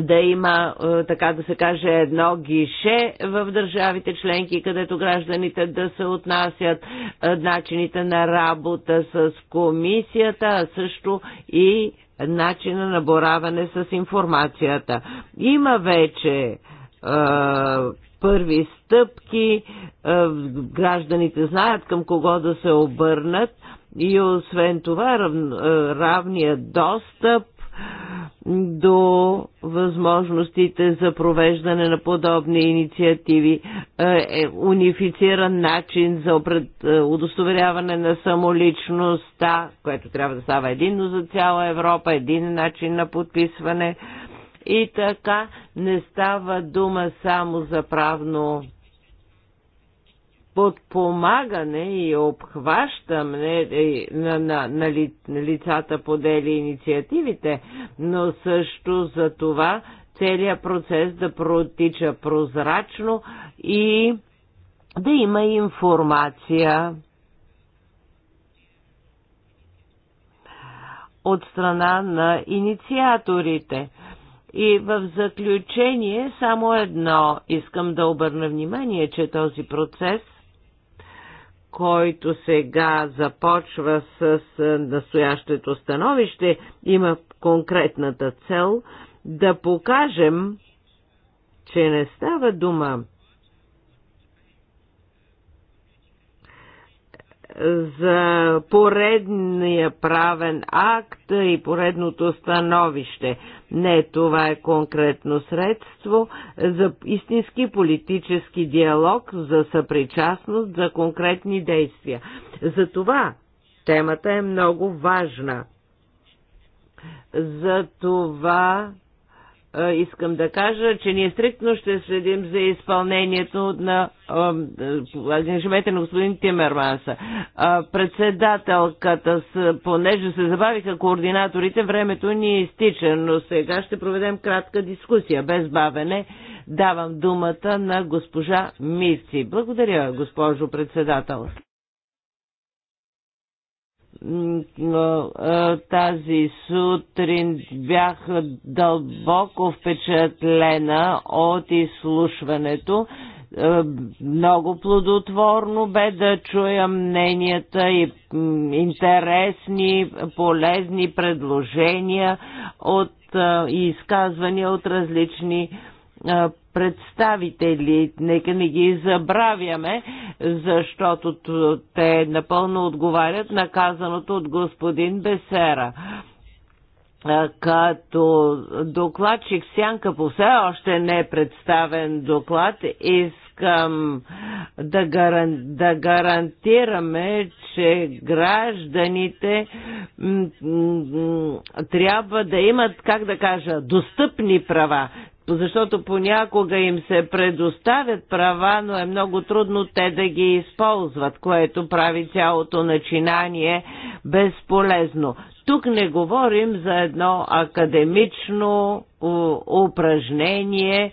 да има, е, така да се каже, едно гише в държавите членки, където гражданите да се отнасят е, начините на работа с комисията, а също и начина на бораване с информацията. Има вече е, първи стъпки, е, гражданите знаят към кого да се обърнат и освен това рав, е, равният достъп до възможностите за провеждане на подобни инициативи, е, е, унифициран начин за е, удостоверяване на самоличността, което трябва да става единно за цяла Европа, един начин на подписване. И така не става дума само за правно подпомагане и обхващане е, на, на, на, ли, на лицата по дели инициативите, но също за това целият процес да протича прозрачно и да има информация от страна на инициаторите. И в заключение само едно искам да обърна внимание, че този процес който сега започва с настоящето становище, има конкретната цел да покажем, че не става дума за поредния правен акт и поредното становище. Не, това е конкретно средство за истински политически диалог, за съпричастност, за конкретни действия. Затова темата е много важна. Затова искам да кажа, че ние стриктно ще следим за изпълнението на ангажимента на господин Тимерманса. Председателката, понеже се забавиха координаторите, времето ни е изтича, но сега ще проведем кратка дискусия. Без бавене давам думата на госпожа Мирци. Благодаря, госпожо председател тази сутрин бях дълбоко впечатлена от изслушването. Е, много плодотворно бе да чуя мненията и интересни, полезни предложения от, е, и изказвания от различни е, представители. Нека не ги забравяме, защото те напълно отговарят на казаното от господин Бесера като докладчик Сянка по все още не е представен доклад, искам да, гаран, да гарантираме, че гражданите трябва да имат, как да кажа, достъпни права защото понякога им се предоставят права, но е много трудно те да ги използват, което прави цялото начинание безполезно. Тук не говорим за едно академично упражнение,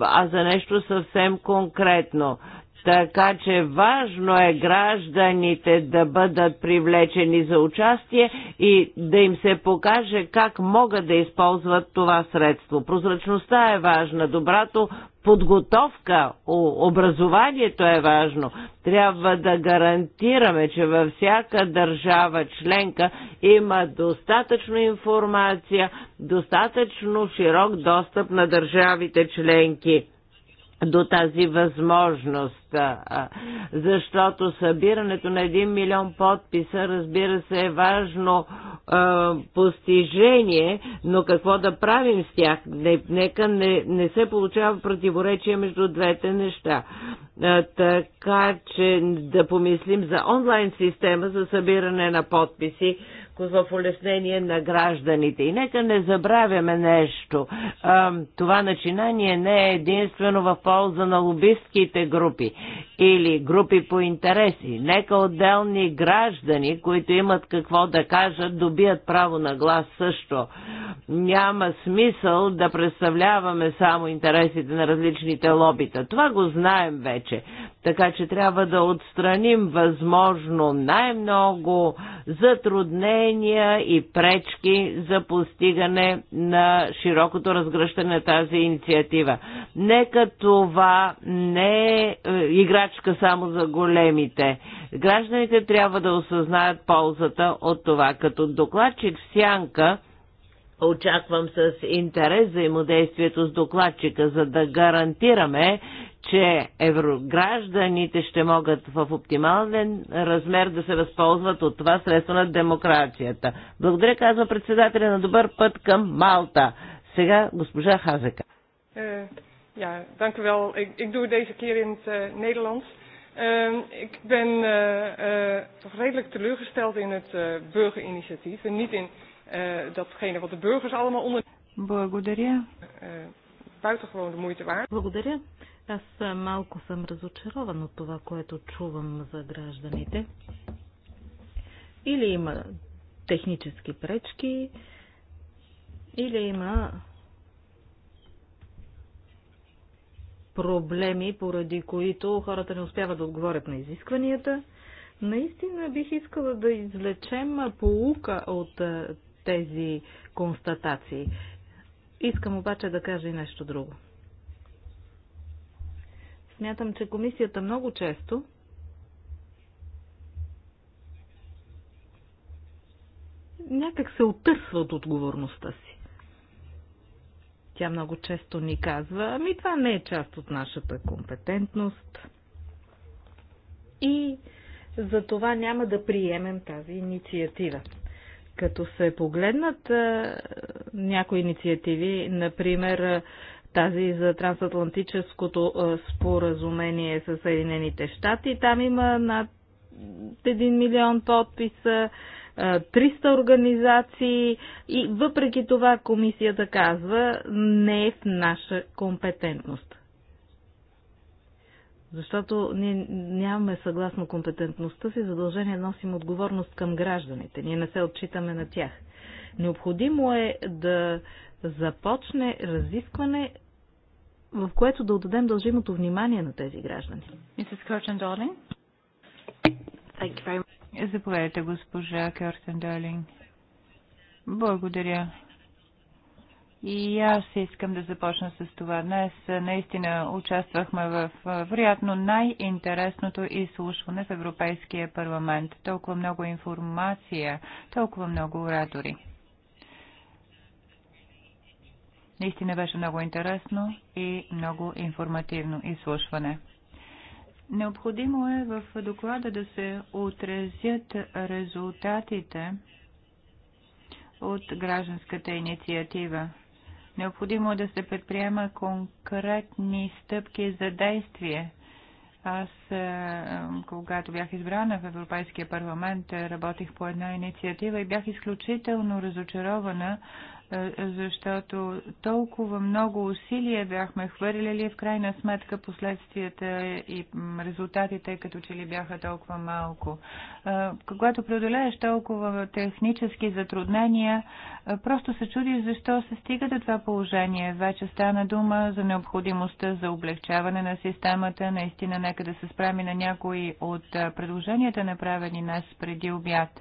а за нещо съвсем конкретно. Така че важно е гражданите да бъдат привлечени за участие и да им се покаже как могат да използват това средство. Прозрачността е важна, доброто подготовка, образованието е важно. Трябва да гарантираме, че във всяка държава членка има достатъчно информация, достатъчно широк достъп на държавите членки до тази възможност, защото събирането на един милион подписа, разбира се, е важно постижение, но какво да правим с тях? нека не, не се получава противоречие между двете неща. така че да помислим за онлайн система за събиране на подписи, в улеснение на гражданите. И нека не забравяме нещо. Това начинание не е единствено в полза на лобистските групи или групи по интереси. Нека отделни граждани, които имат какво да кажат, добият право на глас също. Няма смисъл да представляваме само интересите на различните лобита. Това го знаем вече. Така че трябва да отстраним възможно най-много затруднения съмнения и пречки за постигане на широкото разгръщане на тази инициатива. Нека това не е, е играчка само за големите. Гражданите трябва да осъзнаят ползата от това. Като докладчик в Сянка, Очаквам с интерес взаимодействието с докладчика, за да гарантираме, че еврогражданите ще могат в оптимален размер да се възползват от това средство на демокрацията. Благодаря, казва председателя на добър път към Малта. Сега госпожа Хазека.
Ja, е, dank u wel. Ik, ik doe deze keer in het uh, Nederlands. Uh, ik ben uh, uh,
toch redelijk teleurgesteld in het uh, burgerinitiatief en niet in Eh, datgene wat de burgers allemaal onder...
Благодаря.
Eh, buitengewoon de moeite waard. Благодаря.
Аз е, малко съм разочарован от това, което чувам за гражданите. Или има технически пречки, или има проблеми, поради които хората не успяват да отговорят на изискванията. Наистина бих искала да извлечем поука от е, тези констатации. Искам обаче да кажа и нещо друго. Смятам, че комисията много често някак се отърсва от отговорността си. Тя много често ни казва, ами това не е част от нашата компетентност и за това няма да приемем тази инициатива. Като се погледнат някои инициативи, например тази за трансатлантическото споразумение с Съединените щати, там има над 1 милион подписа. 300 организации и въпреки това комисията казва не е в наша компетентност. Защото ние нямаме съгласно компетентността си задължение носим отговорност към гражданите. Ние не се отчитаме на тях. Необходимо е да започне разискване, в което да отдадем дължимото внимание на тези граждани. Мисис Кърчен Долинг.
Заповядайте, госпожа Кърчен Долин. Благодаря. И аз искам да започна с това. Днес наистина участвахме в вероятно най-интересното изслушване в Европейския парламент. Толкова много информация, толкова много оратори. Наистина беше много интересно и много информативно изслушване. Необходимо е в доклада да се отразят резултатите от гражданската инициатива. Необходимо е да се предприема конкретни стъпки за действие. Аз, е, когато бях избрана в Европейския парламент, е, работих по една инициатива и бях изключително разочарована е, е, защото толкова много усилия бяхме хвърляли, в крайна сметка последствията и резултатите като че ли бяха толкова малко. Е, когато преодолееш толкова технически затруднения, просто се чудиш защо се стига до това положение. Вече стана дума за необходимостта за облегчаване на системата. Наистина, нека да се справи на някои от предложенията, направени нас преди обяд.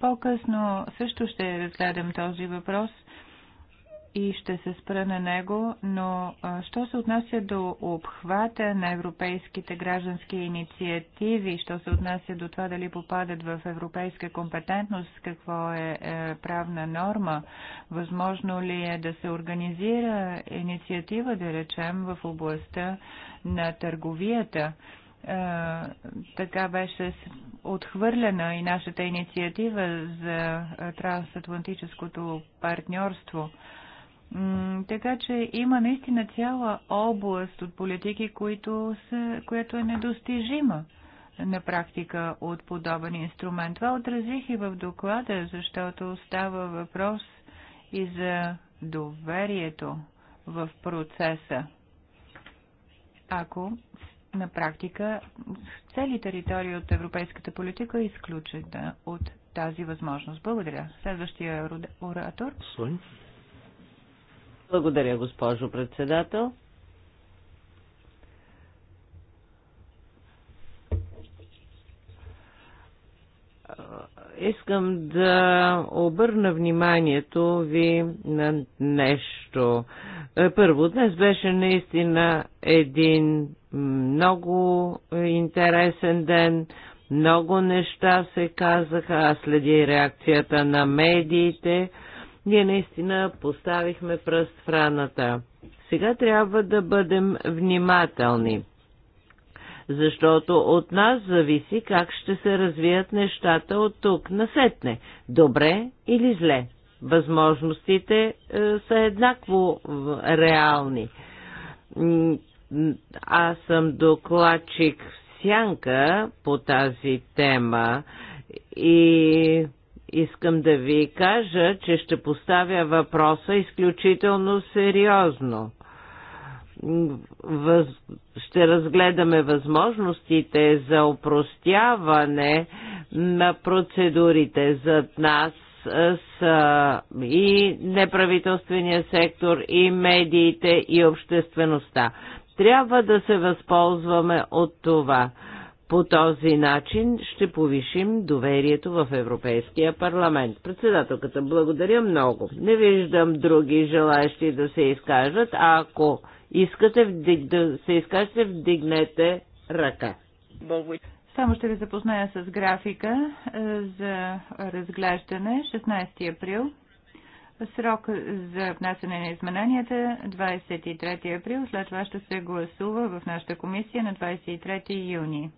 По-късно също ще разгледам този въпрос – и ще се спра на него, но що се отнася до обхвата на европейските граждански инициативи, що се отнася до това дали попадат в европейска компетентност, какво е, е правна норма, възможно ли е да се организира инициатива, да речем, в областта на търговията, така беше отхвърлена и нашата инициатива за трансатлантическото партньорство. Така че има наистина цяла област от политики, които са, която е недостижима на практика от подобен инструмент. Това отразих и в доклада, защото става въпрос и за доверието в процеса. Ако на практика цели територии от европейската политика е изключена от тази възможност. Благодаря. Следващия оратор.
Слънь. Благодаря, госпожо председател. Искам да обърна вниманието ви на нещо. Първо, днес беше наистина един много интересен ден. Много неща се казаха, а следи реакцията на медиите. Ние наистина поставихме пръст в раната. Сега трябва да бъдем внимателни, защото от нас зависи как ще се развият нещата от тук насетне, добре или зле. Възможностите е, са еднакво реални. Аз съм докладчик в сянка по тази тема и Искам да ви кажа, че ще поставя въпроса изключително сериозно. Въз... Ще разгледаме възможностите за упростяване на процедурите зад нас с и неправителствения сектор, и медиите, и обществеността. Трябва да се възползваме от това. По този начин ще повишим доверието в Европейския парламент. Председателката, благодаря много. Не виждам други желащи да се изкажат. А ако искате да се изкажете, вдигнете ръка.
Само ще ви запозная с графика е, за разглеждане 16 април. Срок за внасяне на измененията 23 април, след това ще се гласува в нашата комисия на 23 юни.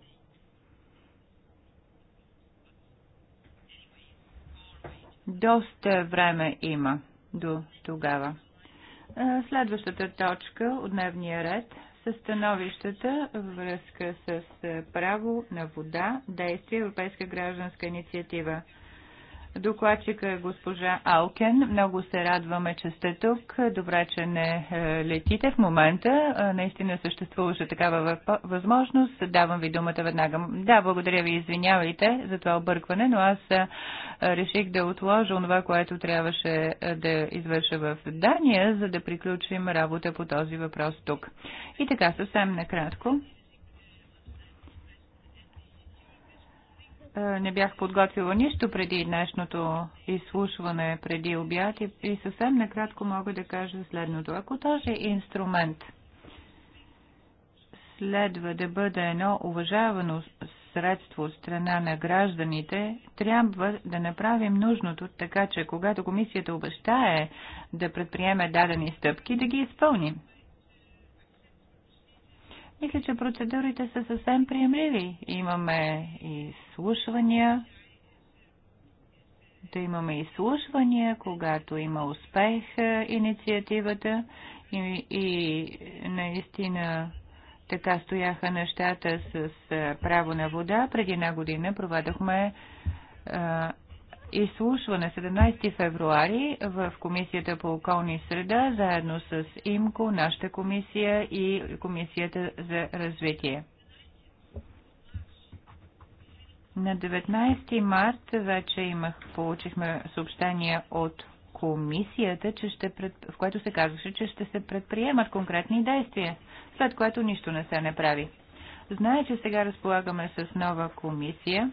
Доста време има до тогава. Следващата точка от дневния ред са становищата връзка с право на вода, действие Европейска гражданска инициатива. Докладчика е госпожа Алкен. Много се радваме, че сте тук. Добре, че не е, летите в момента. Е, наистина съществуваше такава възможност. Давам ви думата веднага. Да, благодаря ви. Извинявайте за това объркване, но аз е, реших да отложа това, което трябваше да извърша в Дания, за да приключим работа по този въпрос тук. И така, съвсем накратко. Е, не бях подготвила нищо преди днешното изслушване, преди обяд и, и съвсем накратко мога да кажа следното. Ако този инструмент следва да бъде едно уважавано средство от страна на гражданите, трябва да направим нужното, така че когато комисията обещае да предприеме дадени стъпки, да ги изпълним. Мисля, че процедурите са съвсем приемливи. Имаме и слушвания. да имаме изслушвания, когато има успех е, инициативата и, и наистина така стояха нещата с е, право на вода. Преди една година проведохме е, изслушване 17 февруари в Комисията по околни среда, заедно с ИМКО, нашата комисия и Комисията за развитие. На 19 март вече имах, получихме съобщение от комисията, че ще пред... в което се казваше, че ще се предприемат конкретни действия, след което нищо не се направи. Знае, че сега разполагаме с нова комисия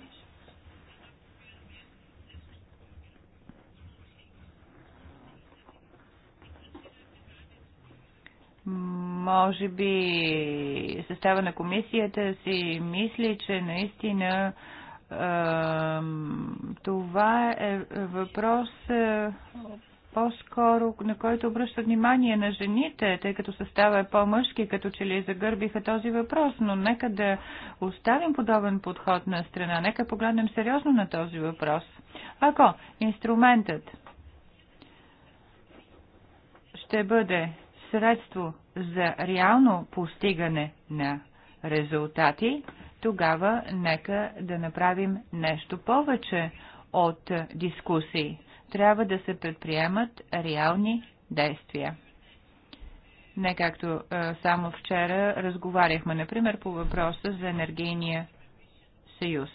Може би състава на комисията си мисли, че наистина това е въпрос по-скоро, на който обръща внимание на жените, тъй като състава е по-мъжки, като че ли загърбиха този въпрос, но нека да оставим подобен подход на страна, нека погледнем сериозно на този въпрос. Ако инструментът ще бъде средство за реално постигане на резултати, тогава нека да направим нещо повече от дискусии. Трябва да се предприемат реални действия. Не както е, само вчера разговаряхме, например, по въпроса за енергийния съюз.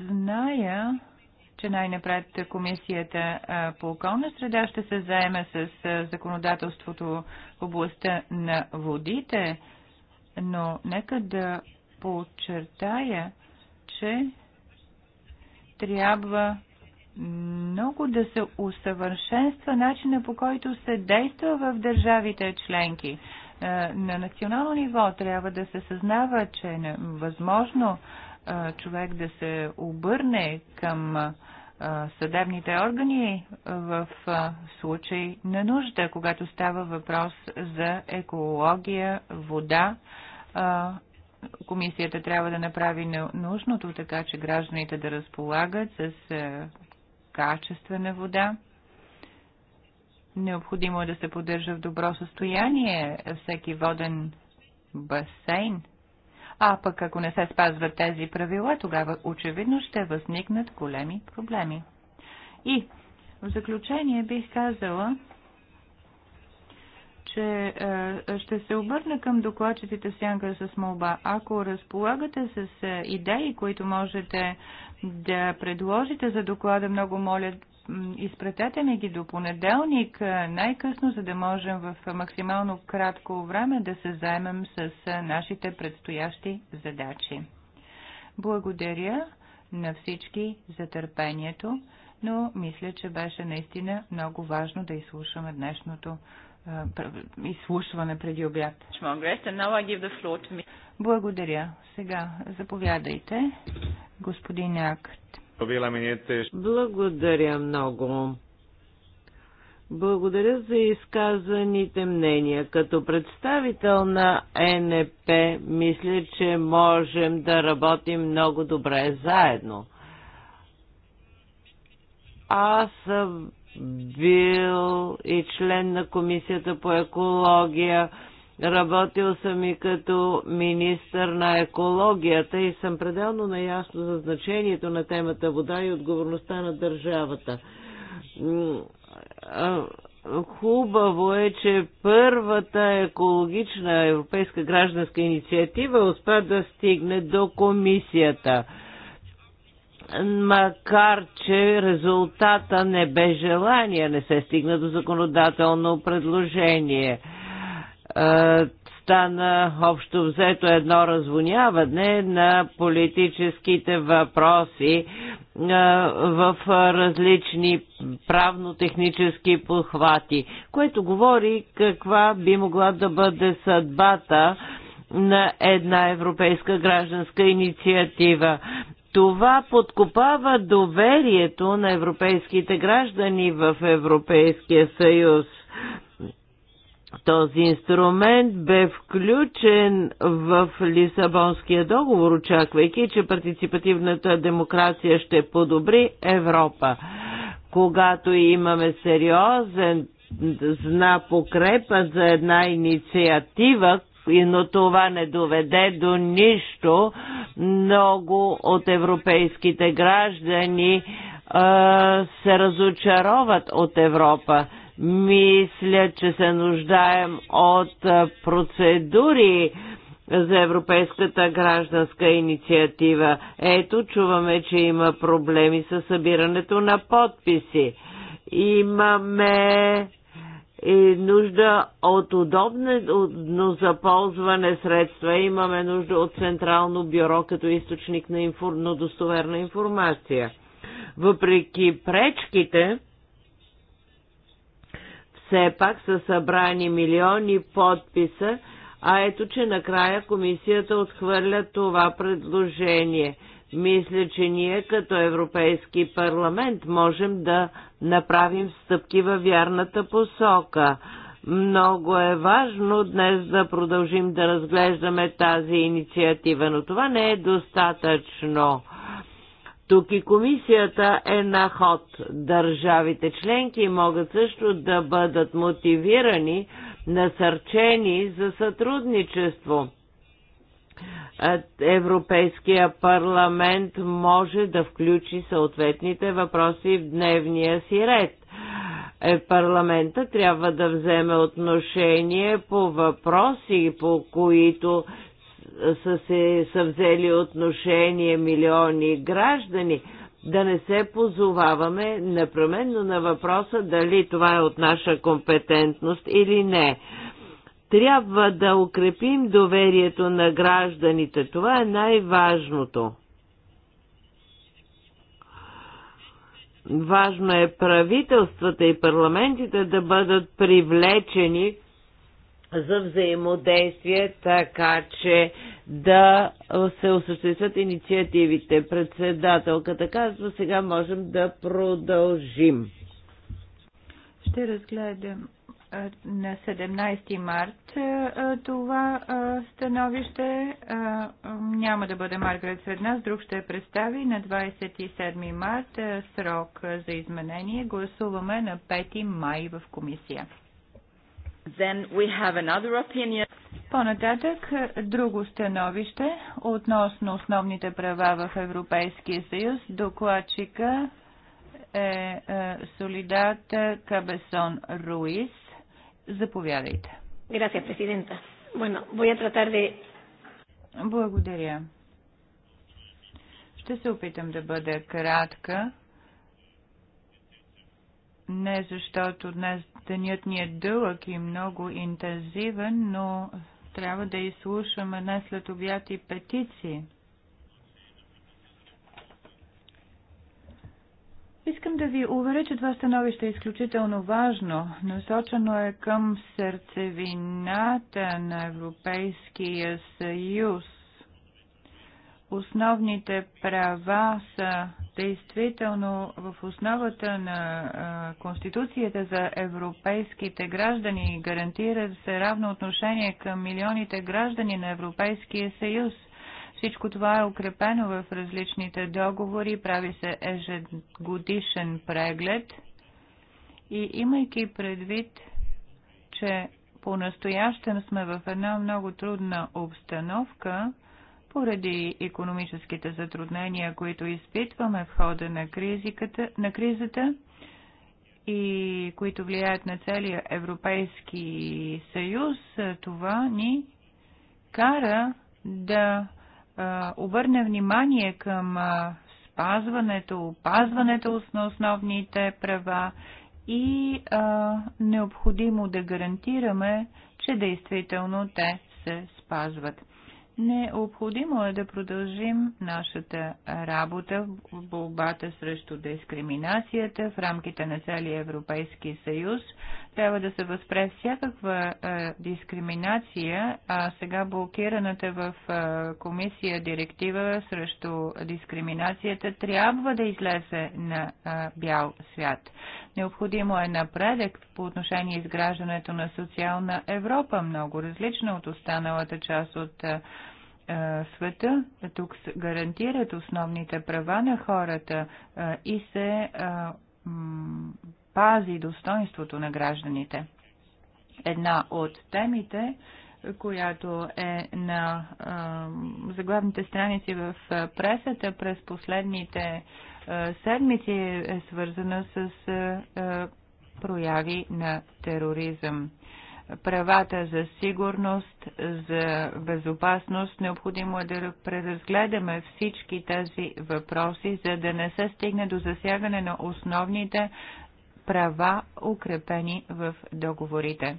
Зная, че най-напред комисията по околна среда ще се заеме с законодателството в областта на водите, но нека да подчертая, че трябва много да се усъвършенства начина по който се действа в държавите членки. На национално ниво трябва да се съзнава, че е възможно човек да се обърне към съдебните органи в случай на нужда, когато става въпрос за екология, вода. Комисията трябва да направи нужното, така че гражданите да разполагат с качествена вода. Необходимо е да се поддържа в добро състояние всеки воден басейн – а пък ако не се спазват тези правила, тогава очевидно ще възникнат големи проблеми. И в заключение бих казала, че е, ще се обърна към докладчиците сянка с молба. Ако разполагате с е, идеи, които можете да предложите за доклада, много моля, изпратете ми ги до понеделник, най-късно, за да можем в максимално кратко време да се займем с нашите предстоящи задачи. Благодаря на всички за търпението, но мисля, че беше наистина много важно да изслушаме днешното изслушване преди обяд. Благодаря. Сега
заповядайте, господин Акт. Благодаря много. Благодаря за изказаните мнения. Като представител на НП, мисля, че можем да работим много добре заедно. Аз съм бил и член на Комисията по екология Работил съм и като министър на екологията и съм пределно наясно за значението на темата вода и отговорността на държавата. Хубаво е, че първата екологична европейска гражданска инициатива успя да стигне до комисията. Макар, че резултата не бе желание, не се стигна до законодателно предложение – стана общо взето едно развоняване на политическите въпроси в различни правно-технически подхвати, което говори каква би могла да бъде съдбата на една европейска гражданска инициатива. Това подкопава доверието на европейските граждани в Европейския съюз. Този инструмент бе включен в Лисабонския договор, очаквайки, че партиципативната демокрация ще подобри Европа. Когато имаме сериозен зна покрепа за една инициатива, но това не доведе до нищо. Много от европейските граждани се разочароват от Европа мисля, че се нуждаем от процедури за Европейската гражданска инициатива. Ето, чуваме, че има проблеми с събирането на подписи. Имаме и е, нужда от удобно за ползване средства. Имаме нужда от Централно бюро като източник на, инфор... на достоверна информация. Въпреки пречките, все пак са събрани милиони подписа, а ето, че накрая комисията отхвърля това предложение. Мисля, че ние като Европейски парламент можем да направим стъпки във вярната посока. Много е важно днес да продължим да разглеждаме тази инициатива, но това не е достатъчно. Тук и комисията е на ход. Държавите членки могат също да бъдат мотивирани, насърчени за сътрудничество. Европейския парламент може да включи съответните въпроси в дневния си ред. Е, парламента трябва да вземе отношение по въпроси, по които са, се, са взели отношение милиони граждани, да не се позоваваме непременно на въпроса дали това е от наша компетентност или не. Трябва да укрепим доверието на гражданите. Това е най-важното. Важно е правителствата и парламентите да бъдат привлечени за взаимодействие, така че да се осъществят инициативите. Председателката казва, сега можем да продължим.
Ще разгледам на 17 март това становище. Няма да бъде Маргарет сред нас, друг ще я представи. На 27 март срок за изменение. Гласуваме на 5 май в комисия.
Then we have another
opinion. По-нататък друго становище относно основните права в Европейския съюз. Докладчика е, е Солидат Кабесон Руис. Заповядайте. Gracias, Presidenta. Bueno, voy a tratar de... Благодаря. Ще се опитам да бъда кратка. Не защото днес Денят ни е дълъг и много интензивен, но трябва да изслушаме днес след обяд и петиции. Искам да ви уверя, че това становище е изключително важно. Насочено е към сърцевината на Европейския съюз. Основните права са действително в основата на Конституцията за европейските граждани гарантира се равно отношение към милионите граждани на Европейския съюз. Всичко това е укрепено в различните договори, прави се ежегодишен преглед и имайки предвид, че по-настоящем сме в една много трудна обстановка, поради економическите затруднения, които изпитваме в хода на, кризиката, на кризата и които влияят на целия Европейски съюз, това ни кара да а, обърне внимание към а, спазването, опазването на основните права и а, необходимо да гарантираме, че действително те се спазват. Необходимо е да продължим нашата работа в борбата срещу дискриминацията в рамките на целия Европейски съюз трябва да се възпре всякаква а, е, дискриминация, а сега блокираната в а, е, комисия директива срещу дискриминацията трябва да излезе на а, е, бял свят. Необходимо е напредък по отношение изграждането на социална Европа, много различна от останалата част от а, света, тук гарантират основните права на хората и се пази достоинството на гражданите. Една от темите, която е на а, заглавните страници в пресата през последните а, седмици, е свързана с а, прояви на тероризъм правата за сигурност, за безопасност. Необходимо е да преразгледаме всички тези въпроси, за да не се стигне до засягане на основните права, укрепени в договорите.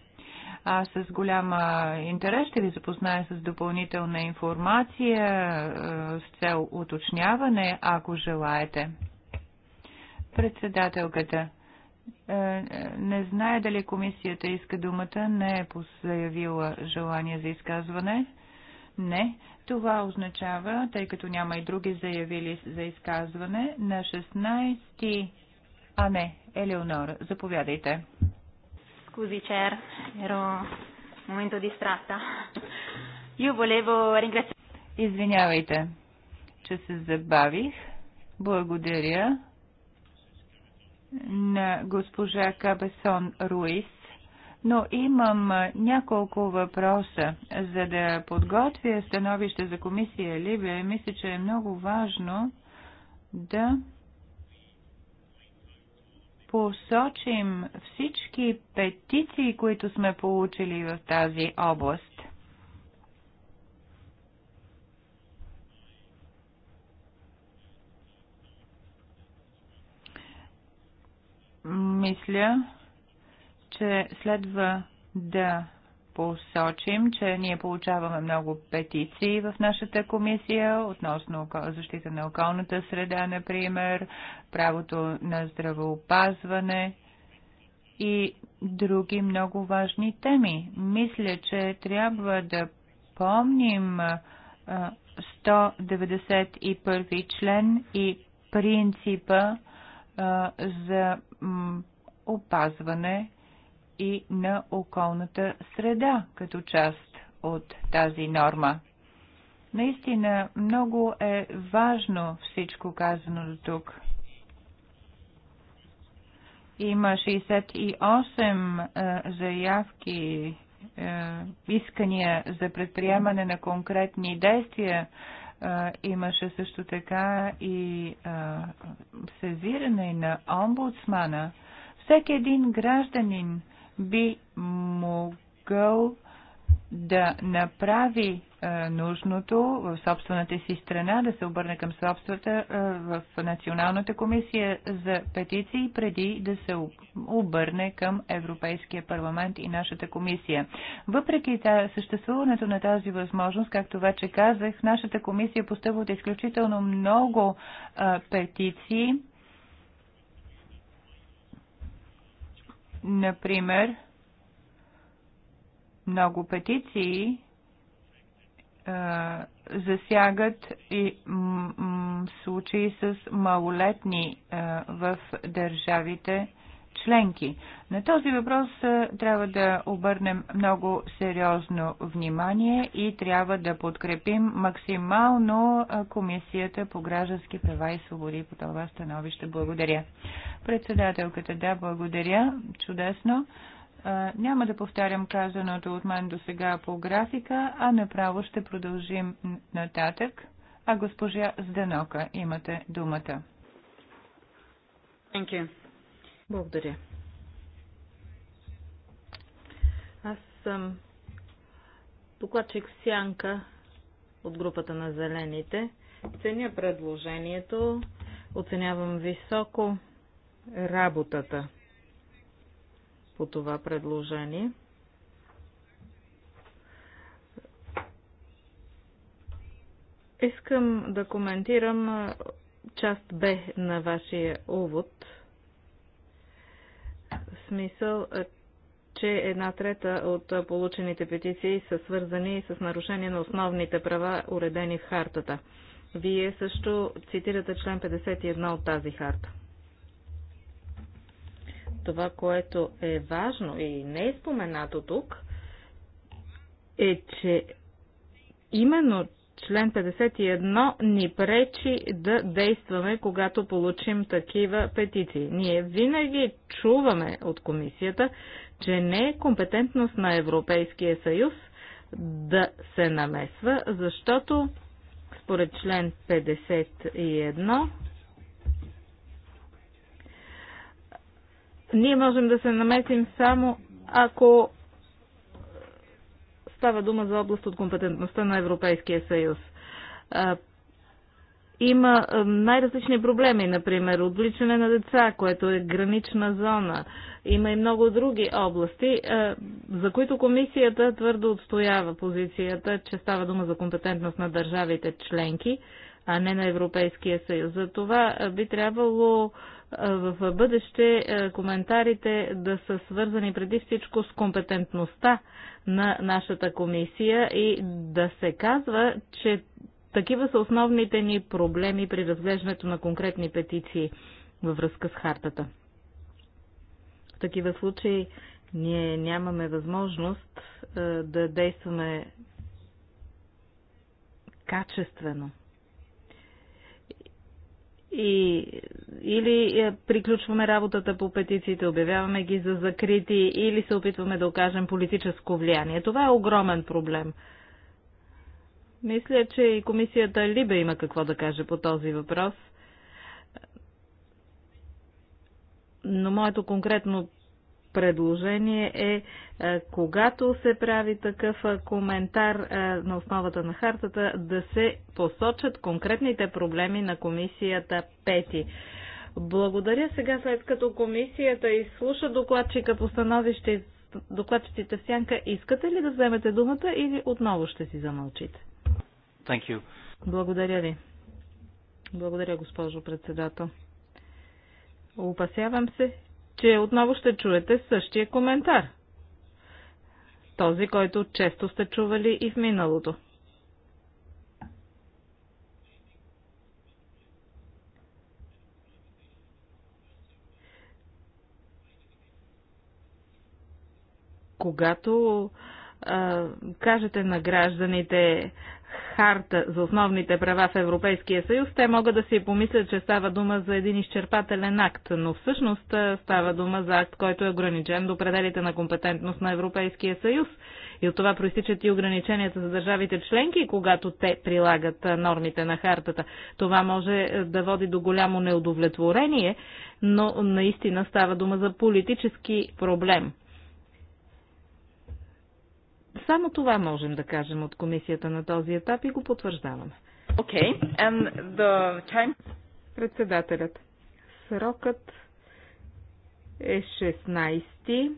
А с голяма интерес ще ви запозная с допълнителна информация с цел уточняване, ако желаете. Председателката. Не знае дали комисията иска думата, не е заявила желание за изказване. Не. Това означава, тъй като няма и други заявили за изказване, на 16 а не, Елеонор, заповядайте.
Скузи чер. еро un дистрата.
Ю Io volevo Извинявайте, че се забавих. Благодаря на госпожа Кабесон Руис, но имам няколко въпроса. За да подготвя становище за комисия Либия, мисля, че е много важно да посочим всички петиции, които сме получили в тази област. Мисля, че следва да посочим, че ние получаваме много петиции в нашата комисия относно защита на околната среда, например, правото на здравеопазване и други много важни теми. Мисля, че трябва да помним 191 член и принципа за опазване на и на околната среда като част от тази норма. Наистина много е важно всичко казано до тук. Има 68 е, заявки, е, искания за предприемане на конкретни действия. Е, имаше също така и е, сезиране на омбудсмана. Всеки един гражданин би могъл да направи а, е, нужното в собствената си страна, да се обърне към собствата е, в Националната комисия за петиции, преди да се обърне към Европейския парламент и нашата комисия. Въпреки та, съществуването на тази възможност, както вече казах, нашата комисия постъпва от изключително много а, е, петиции Например, много петиции а, засягат и случаи с малолетни а, в държавите членки. На този въпрос е, трябва да обърнем много сериозно внимание и трябва да подкрепим максимално е, Комисията по граждански права и свободи по това становище. Благодаря. Председателката, да, благодаря. Чудесно. Е, няма да повтарям казаното от мен до сега по графика, а направо ще продължим нататък. А госпожа Зданока, имате думата.
Thank you.
Благодаря. Аз съм докладчик Сянка от групата на зелените. Ценя предложението, оценявам високо работата по това предложение. Искам да коментирам част Б на вашия увод – смисъл, е, че една трета от получените петиции са свързани с нарушение на основните права, уредени в хартата. Вие също цитирате член 51 от тази харта. Това, което е важно и не е споменато тук, е, че именно Член 51 ни пречи да действаме, когато получим такива петиции. Ние винаги чуваме от комисията, че не е компетентност на Европейския съюз да се намесва, защото според член 51 ние можем да се намесим само ако Става дума за област от компетентността на Европейския съюз. Има най-различни проблеми, например отвличане на деца, което е гранична зона. Има и много други области, за които комисията твърдо отстоява позицията, че става дума за компетентност на държавите членки, а не на Европейския съюз. За това би трябвало в бъдеще коментарите да са свързани преди всичко с компетентността на нашата комисия и да се казва, че такива са основните ни проблеми при разглеждането на конкретни петиции във връзка с хартата. В такива случаи ние нямаме възможност да действаме качествено и или е, приключваме работата по петициите, обявяваме ги за закрити, или се опитваме да окажем политическо влияние. Това е огромен проблем. Мисля, че и комисията Либе има какво да каже по този въпрос. Но моето конкретно предложение е, е, когато се прави такъв е, коментар е, на основата на хартата, да се посочат конкретните проблеми на комисията пети. Благодаря сега, след като комисията изслуша докладчика по становище докладчиците в сянка, искате ли да вземете думата или отново ще си замълчите? Thank you. Благодаря ви. Благодаря, госпожо председател. Опасявам се, че отново ще чуете същия коментар. Този, който често сте чували и в миналото. Когато кажете на гражданите харта за основните права в Европейския съюз, те могат да си помислят, че става дума за един изчерпателен акт, но всъщност става дума за акт, който е ограничен до пределите на компетентност на Европейския съюз. И от това проистичат и ограниченията за държавите членки, когато те прилагат нормите на хартата. Това може да води до голямо неудовлетворение, но наистина става дума за политически проблем. Само това можем да кажем от комисията на този етап и го потвърждаваме. Okay. And the time... Председателят. Срокът е 16.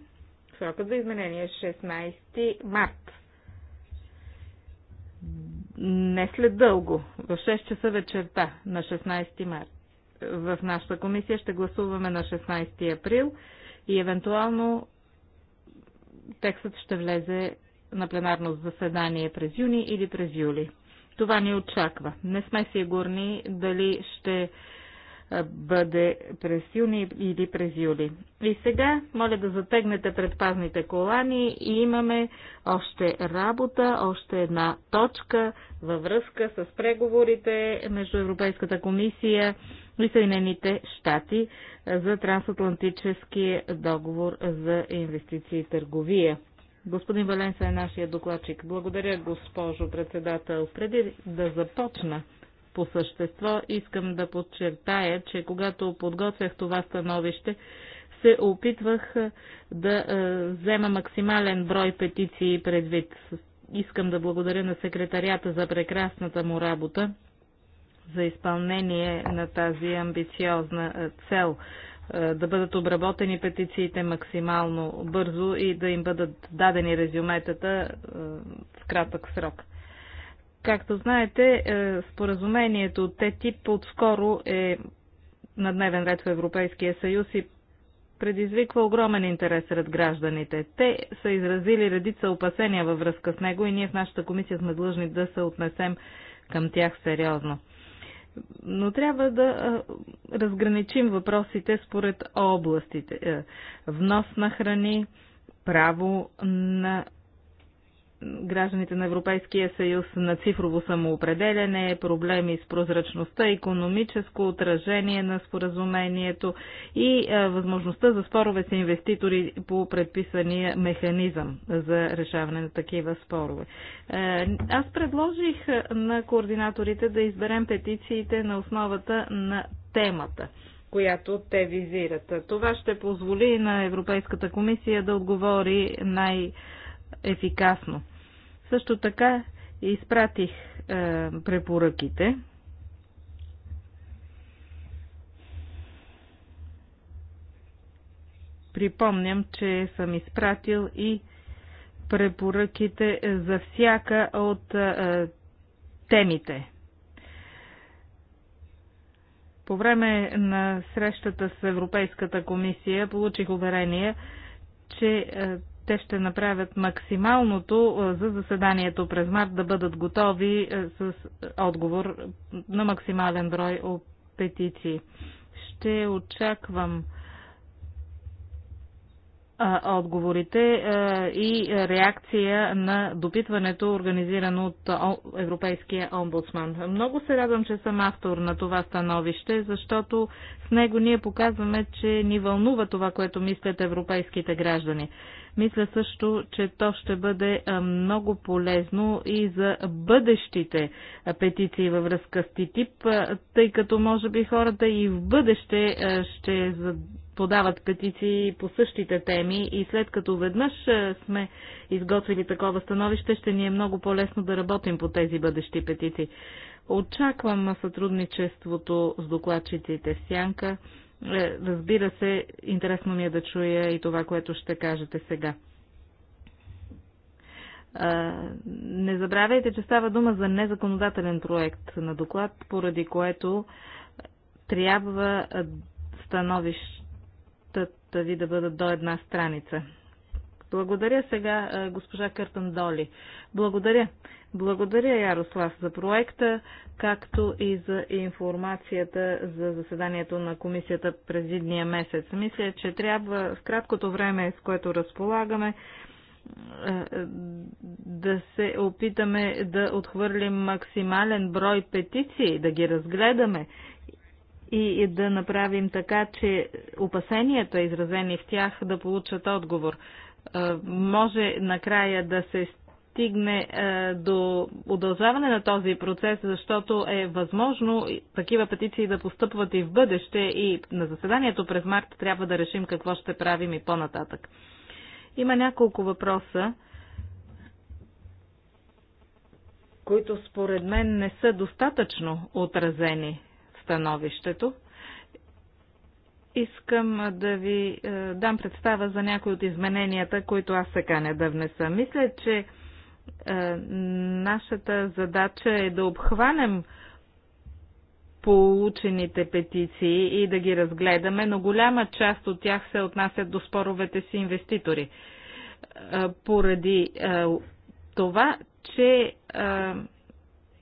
Срокът за изменение е 16 март. Не след дълго, в 6 часа вечерта на 16 март. В нашата комисия ще гласуваме на 16 април и евентуално текстът ще влезе на пленарно заседание през юни или през юли. Това ни очаква. Не сме сигурни дали ще бъде през юни или през юли. И сега, моля да затегнете предпазните колани и имаме още работа, още една точка във връзка с преговорите между Европейската комисия и Съединените щати за трансатлантически договор за инвестиции и търговия. Господин Валенса е нашия докладчик. Благодаря, госпожо председател. Преди да започна по същество, искам да подчертая, че когато подготвях това становище, се опитвах да взема максимален брой петиции предвид. Искам да благодаря на секретарията за прекрасната му работа за изпълнение на тази амбициозна цел. Е, да бъдат обработени петициите максимално бързо и да им бъдат дадени резюметата е, в кратък срок. Както знаете, е, споразумението от ТТИП отскоро е на дневен ред в Европейския съюз и предизвиква огромен интерес сред гражданите. Те са изразили редица опасения във връзка с него и ние в нашата комисия сме длъжни да се отнесем към тях сериозно. Но трябва да разграничим въпросите според областите. Е, внос на храни, право на гражданите на Европейския съюз на цифрово самоопределене, проблеми с прозрачността, економическо отражение на споразумението и възможността за спорове с инвеститори по предписания механизъм за решаване на такива спорове. Аз предложих на координаторите да изберем петициите на основата на темата която те визират. Това ще позволи на Европейската комисия да отговори най- ефикасно. Също така изпратих е, препоръките. Припомням, че съм изпратил и препоръките за всяка от е, темите. По време на срещата с Европейската комисия получих уверение, че е, те ще направят максималното е, за заседанието през март да бъдат готови е, с отговор на максимален брой петиции. Ще очаквам е, отговорите и реакция на допитването, организирано от Европейския омбудсман. Много се радвам, че съм автор на това становище, защото с него ние показваме, че ни вълнува това, което мислят европейските граждани. Мисля също, че то ще бъде много полезно и за бъдещите петиции във връзка с ТИТИП, тъй като може би хората и в бъдеще ще подават петиции по същите теми и след като веднъж сме изготвили такова становище, ще ни е много по-лесно да работим по тези бъдещи петиции. Очаквам сътрудничеството с докладчиците в Сянка. Е, разбира се, интересно ми е да чуя и това, което ще кажете сега. Не забравяйте, че става дума за незаконодателен проект на доклад, поради което трябва становищата ви да бъдат до една страница. Благодаря сега госпожа Къртън Доли. Благодаря. Благодаря, Ярослав, за проекта, както и за информацията за заседанието на комисията през едния месец. Мисля, че трябва в краткото време, с което разполагаме, е, да се опитаме да отхвърлим максимален брой петиции, да ги разгледаме и да направим така, че опасенията, изразени в тях, да получат отговор. Е, може накрая да се стигне е, до удължаване на този процес, защото е възможно такива петиции да постъпват и в бъдеще и на заседанието през март трябва да решим какво ще правим и по-нататък. Има няколко въпроса, които според мен не са достатъчно отразени в становището. Искам да ви е, дам представа за някои от измененията, които аз се каня да внеса. Мисля, че е, нашата задача е да обхванем получените петиции и да ги разгледаме, но голяма част от тях се отнасят до споровете си инвеститори. Е, поради е, това, че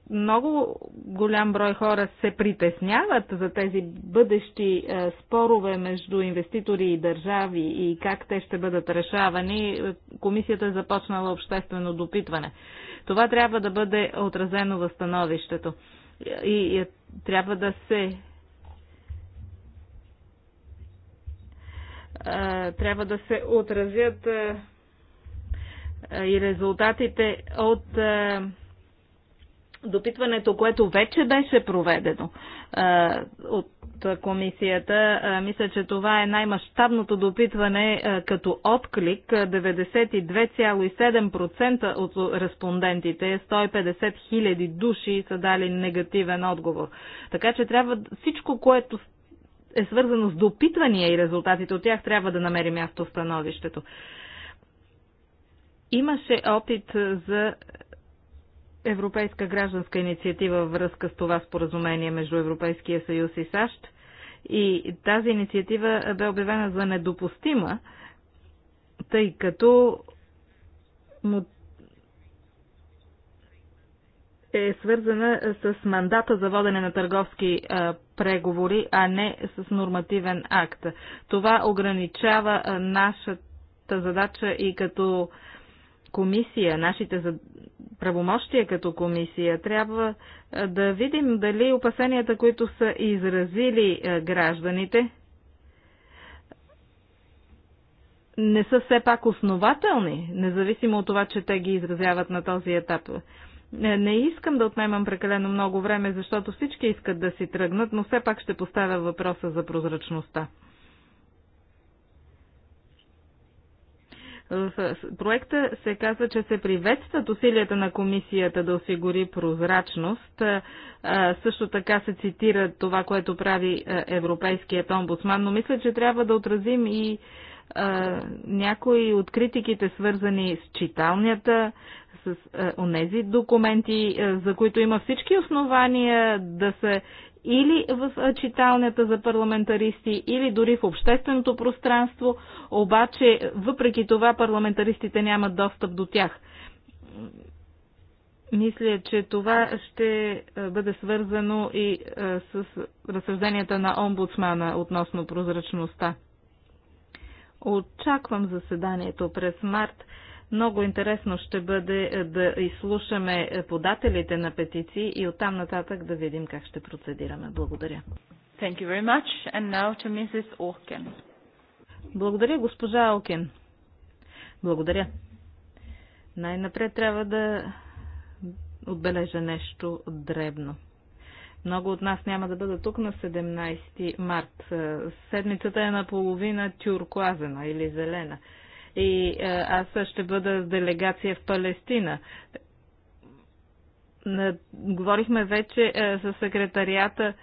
много голям брой хора се притесняват за тези бъдещи е, спорове между инвеститори и държави и как те ще бъдат решавани, комисията е започнала обществено допитване. Това трябва да бъде отразено в становището. И, и е, трябва да се е, трябва да се отразят и резултатите от допитването, което вече беше проведено а, от комисията. А, мисля, че това е най-мащабното допитване а, като отклик. 92,7% от респондентите, 150 хиляди души са дали негативен отговор. Така че трябва всичко, което е свързано с допитвания и резултатите от тях, трябва да намери място в становището имаше опит за Европейска гражданска инициатива във връзка с това споразумение между Европейския съюз и САЩ. И тази инициатива бе обявена за недопустима, тъй като е свързана с мандата за водене на търговски преговори, а не с нормативен акт. Това ограничава нашата задача и като комисия, нашите правомощия като комисия. Трябва да видим дали опасенията, които са изразили гражданите, не са все пак основателни, независимо от това, че те ги изразяват на този етап. Не искам да отнемам прекалено много време, защото всички искат да си тръгнат, но все пак ще поставя въпроса за прозрачността. В проекта се казва, че се приветстват усилията на комисията да осигури прозрачност. Също така се цитира това, което прави Европейският омбудсман, но мисля, че трябва да отразим и някои от критиките, свързани с читалнята, с онези документи, за които има всички основания да се или в читалнята за парламентаристи, или дори в общественото пространство, обаче въпреки това парламентаристите нямат достъп до тях. Мисля, че това ще бъде свързано и с разсъжденията на омбудсмана относно прозрачността. Очаквам заседанието през март. Много интересно ще бъде е, да изслушаме е, подателите на петиции и оттам нататък да видим как ще процедираме. Благодаря. Thank you very much. And now to Mrs. Orken. Благодаря, госпожа Окен. Благодаря. Най-напред трябва да отбележа нещо дребно. Много от нас няма да бъдат тук на 17 март. Седмицата е наполовина тюркуазена или зелена и е, аз ще бъда с делегация в Палестина. Говорихме вече е, с секретарията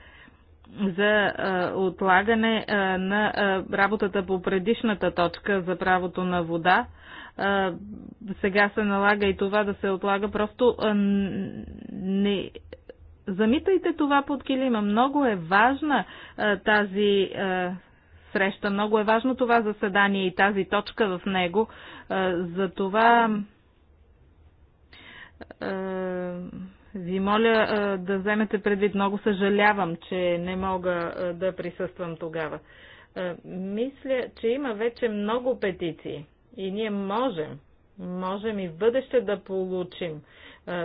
за е, отлагане на работата по предишната точка за правото на вода. Сега се налага и това да се отлага. Просто не замитайте това под килима. Много е важна тази среща. Много е важно това заседание и тази точка в него. За това ви моля да вземете предвид. Много съжалявам, че не мога да присъствам тогава. Мисля, че има вече много петиции и ние можем, можем и в бъдеще да получим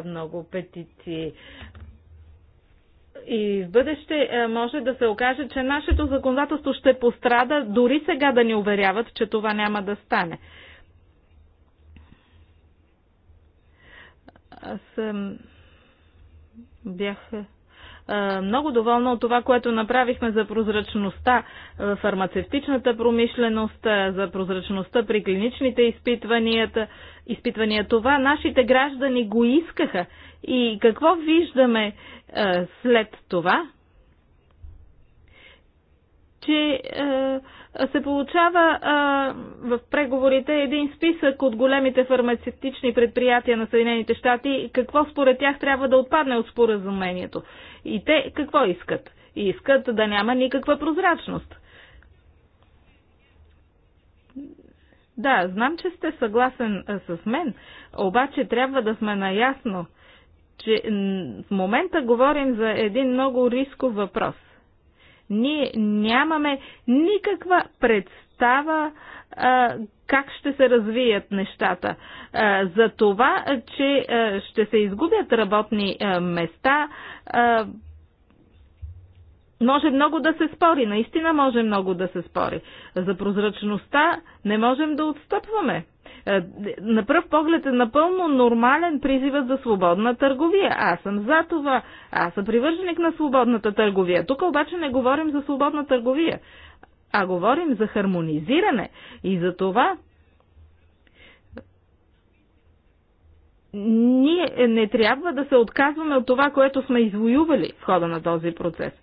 много петиции и в бъдеще е, може да се окаже, че нашето законодателство ще пострада, дори сега да ни уверяват, че това няма да стане. Аз бях е, е, много доволна от това, което направихме за прозрачността в е, фармацевтичната промишленост, е, за прозрачността при клиничните изпитванията, изпитвания. Това нашите граждани го искаха. И какво виждаме след това? че е, се получава е, в преговорите един списък от големите фармацевтични предприятия на Съединените щати, какво според тях трябва да отпадне от споразумението. И те какво искат? Искат да няма никаква прозрачност. Да, знам, че сте съгласен е, с мен, обаче трябва да сме наясно, че в момента говорим за един много рисков въпрос. Ние нямаме никаква представа а, как ще се развият нещата. А, за това, че а, ще се изгубят работни а, места, а, може много да се спори, наистина може много да се спори. За прозрачността не можем да отстъпваме. Е, на пръв поглед е напълно нормален призивът за свободна търговия. Аз съм за това. Аз съм привърженик на свободната търговия. Тук обаче не говорим за свободна търговия, а говорим за хармонизиране. И за това ние не трябва да се отказваме от това, което сме извоювали в хода на този процес.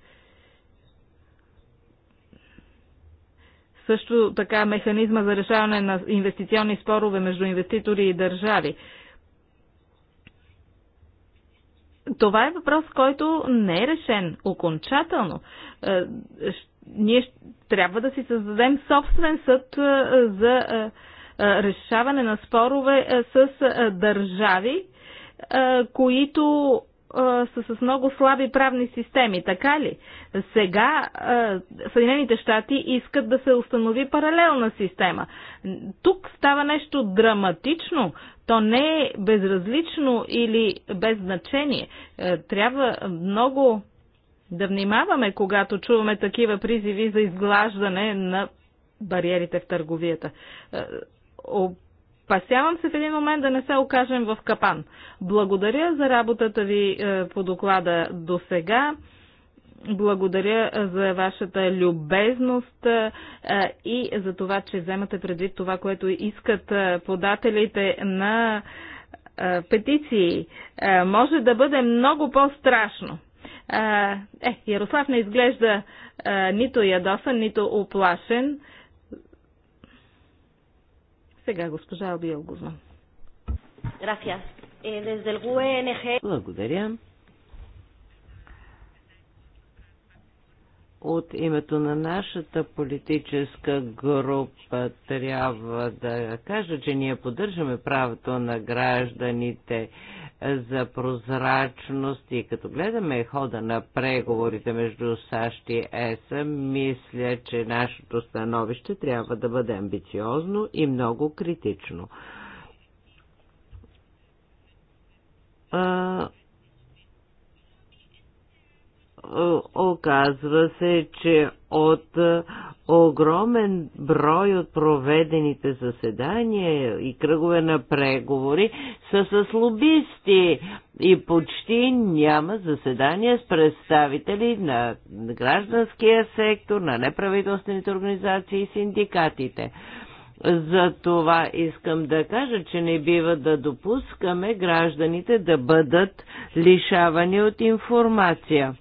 също така механизма за решаване на инвестиционни спорове между инвеститори и държави. Това е въпрос, който не е решен окончателно. Е, ние трябва да си създадем собствен съд е, за е, решаване на спорове с държави, които са с много слаби правни системи, така ли? Сега Съединените щати искат да се установи паралелна система. Тук става нещо драматично. То не е безразлично или без значение. Е, трябва много да внимаваме, когато чуваме такива призиви за изглаждане на бариерите в търговията е, Пасявам се в един момент да не се окажем в капан. Благодаря за работата ви е, по доклада до сега. Благодаря е, за вашата любезност е, и за това, че вземате предвид това, което искат подателите на петиции. Може да бъде много по-страшно. Е, Ярослав не изглежда нито ядосан, нито оплашен. Сега госпожа Албия
е,
Благодаря.
От името на нашата политическа група трябва да кажа, че ние поддържаме правото на гражданите за прозрачност и като гледаме хода на преговорите между САЩ и ЕС, мисля, че нашето становище трябва да бъде амбициозно и много критично оказва се, че от е, огромен брой от проведените заседания и кръгове на преговори са с лобисти и почти няма заседания с представители на гражданския сектор, на неправителствените организации и синдикатите. За това искам да кажа, че не бива да допускаме гражданите да бъдат лишавани от информация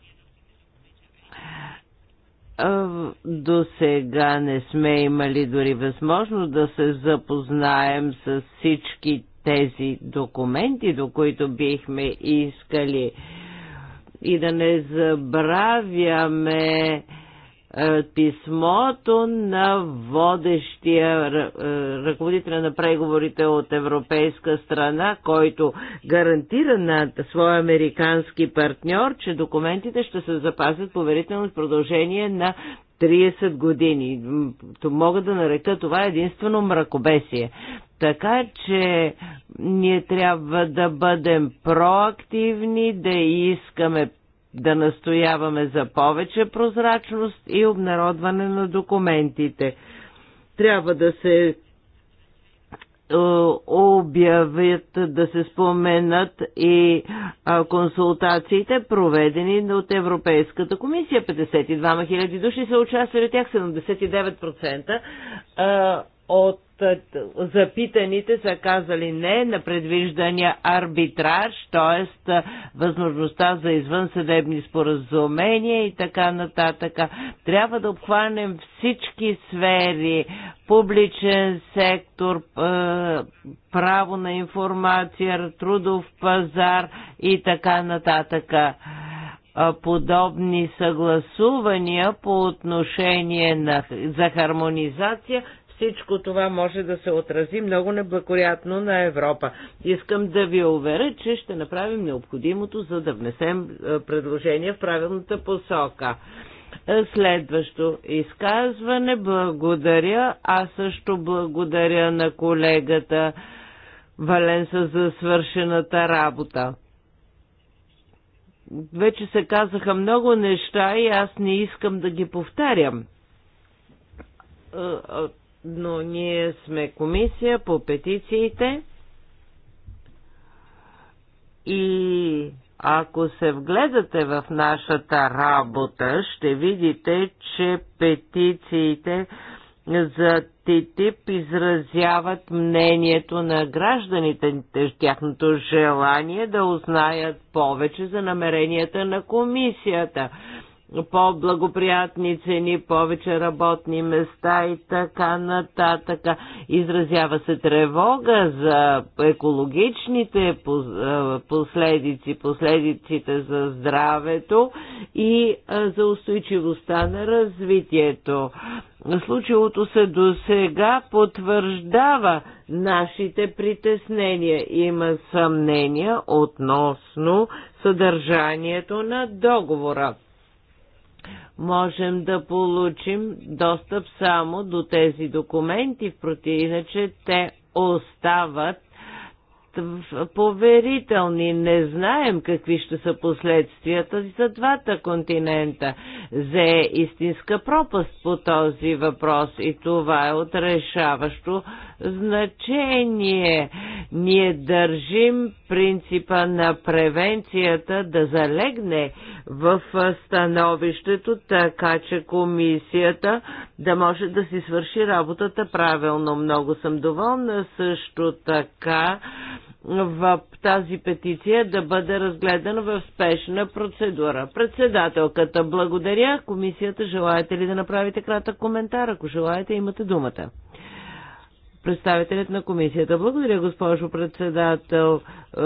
до сега не сме имали дори възможност да се запознаем с всички тези документи, до които бихме искали. И да не забравяме е, писмото на водещия е, ръководителя на преговорите от европейска страна, който гарантира на своя американски партньор, че документите ще се запазят поверително в продължение на 30 години. Мога да нарека това единствено мракобесие. Така че ние трябва да бъдем проактивни, да искаме да настояваме за повече прозрачност и обнародване на документите. Трябва да се е, обявят, да се споменат и консултациите, проведени от Европейската комисия. 52 000 души са участвали, тях 79% е, от запитаните са казали не на предвиждания арбитраж, т.е. възможността за извънсъдебни споразумения и така нататък. Трябва да обхванем всички сфери, публичен сектор, право на информация, трудов пазар и така нататък подобни съгласувания по отношение на, за хармонизация всичко това може да се отрази много неблагоприятно на Европа. Искам да ви уверя, че ще направим необходимото, за да внесем е, предложение в правилната посока. Е, следващо изказване благодаря, а също благодаря на колегата Валенса за свършената работа. Вече се казаха много неща и аз не искам да ги повтарям. Е, но ние сме комисия по петициите и ако се вгледате в нашата работа, ще видите, че петициите за ТТИП изразяват мнението на гражданите, тяхното желание да узнаят повече за намеренията на комисията по-благоприятни цени, повече работни места и така нататък. Изразява се тревога за екологичните последици, последиците за здравето и за устойчивостта на развитието. Случилото се до сега потвърждава нашите притеснения. Има съмнения относно съдържанието на договора можем да получим достъп само до тези документи, в иначе те остават поверителни. Не знаем какви ще са последствията за двата континента. Зе е истинска пропаст по този въпрос и това е отрешаващо значение. Ние държим принципа на превенцията да залегне в становището, така че комисията да може да си свърши работата правилно. Много съм доволна също така в тази петиция да бъде разгледана в спешна процедура. Председателката, благодаря. Комисията, желаете ли да направите кратък коментар? Ако желаете, имате думата представителят на комисията. Благодаря, госпожо председател. Е,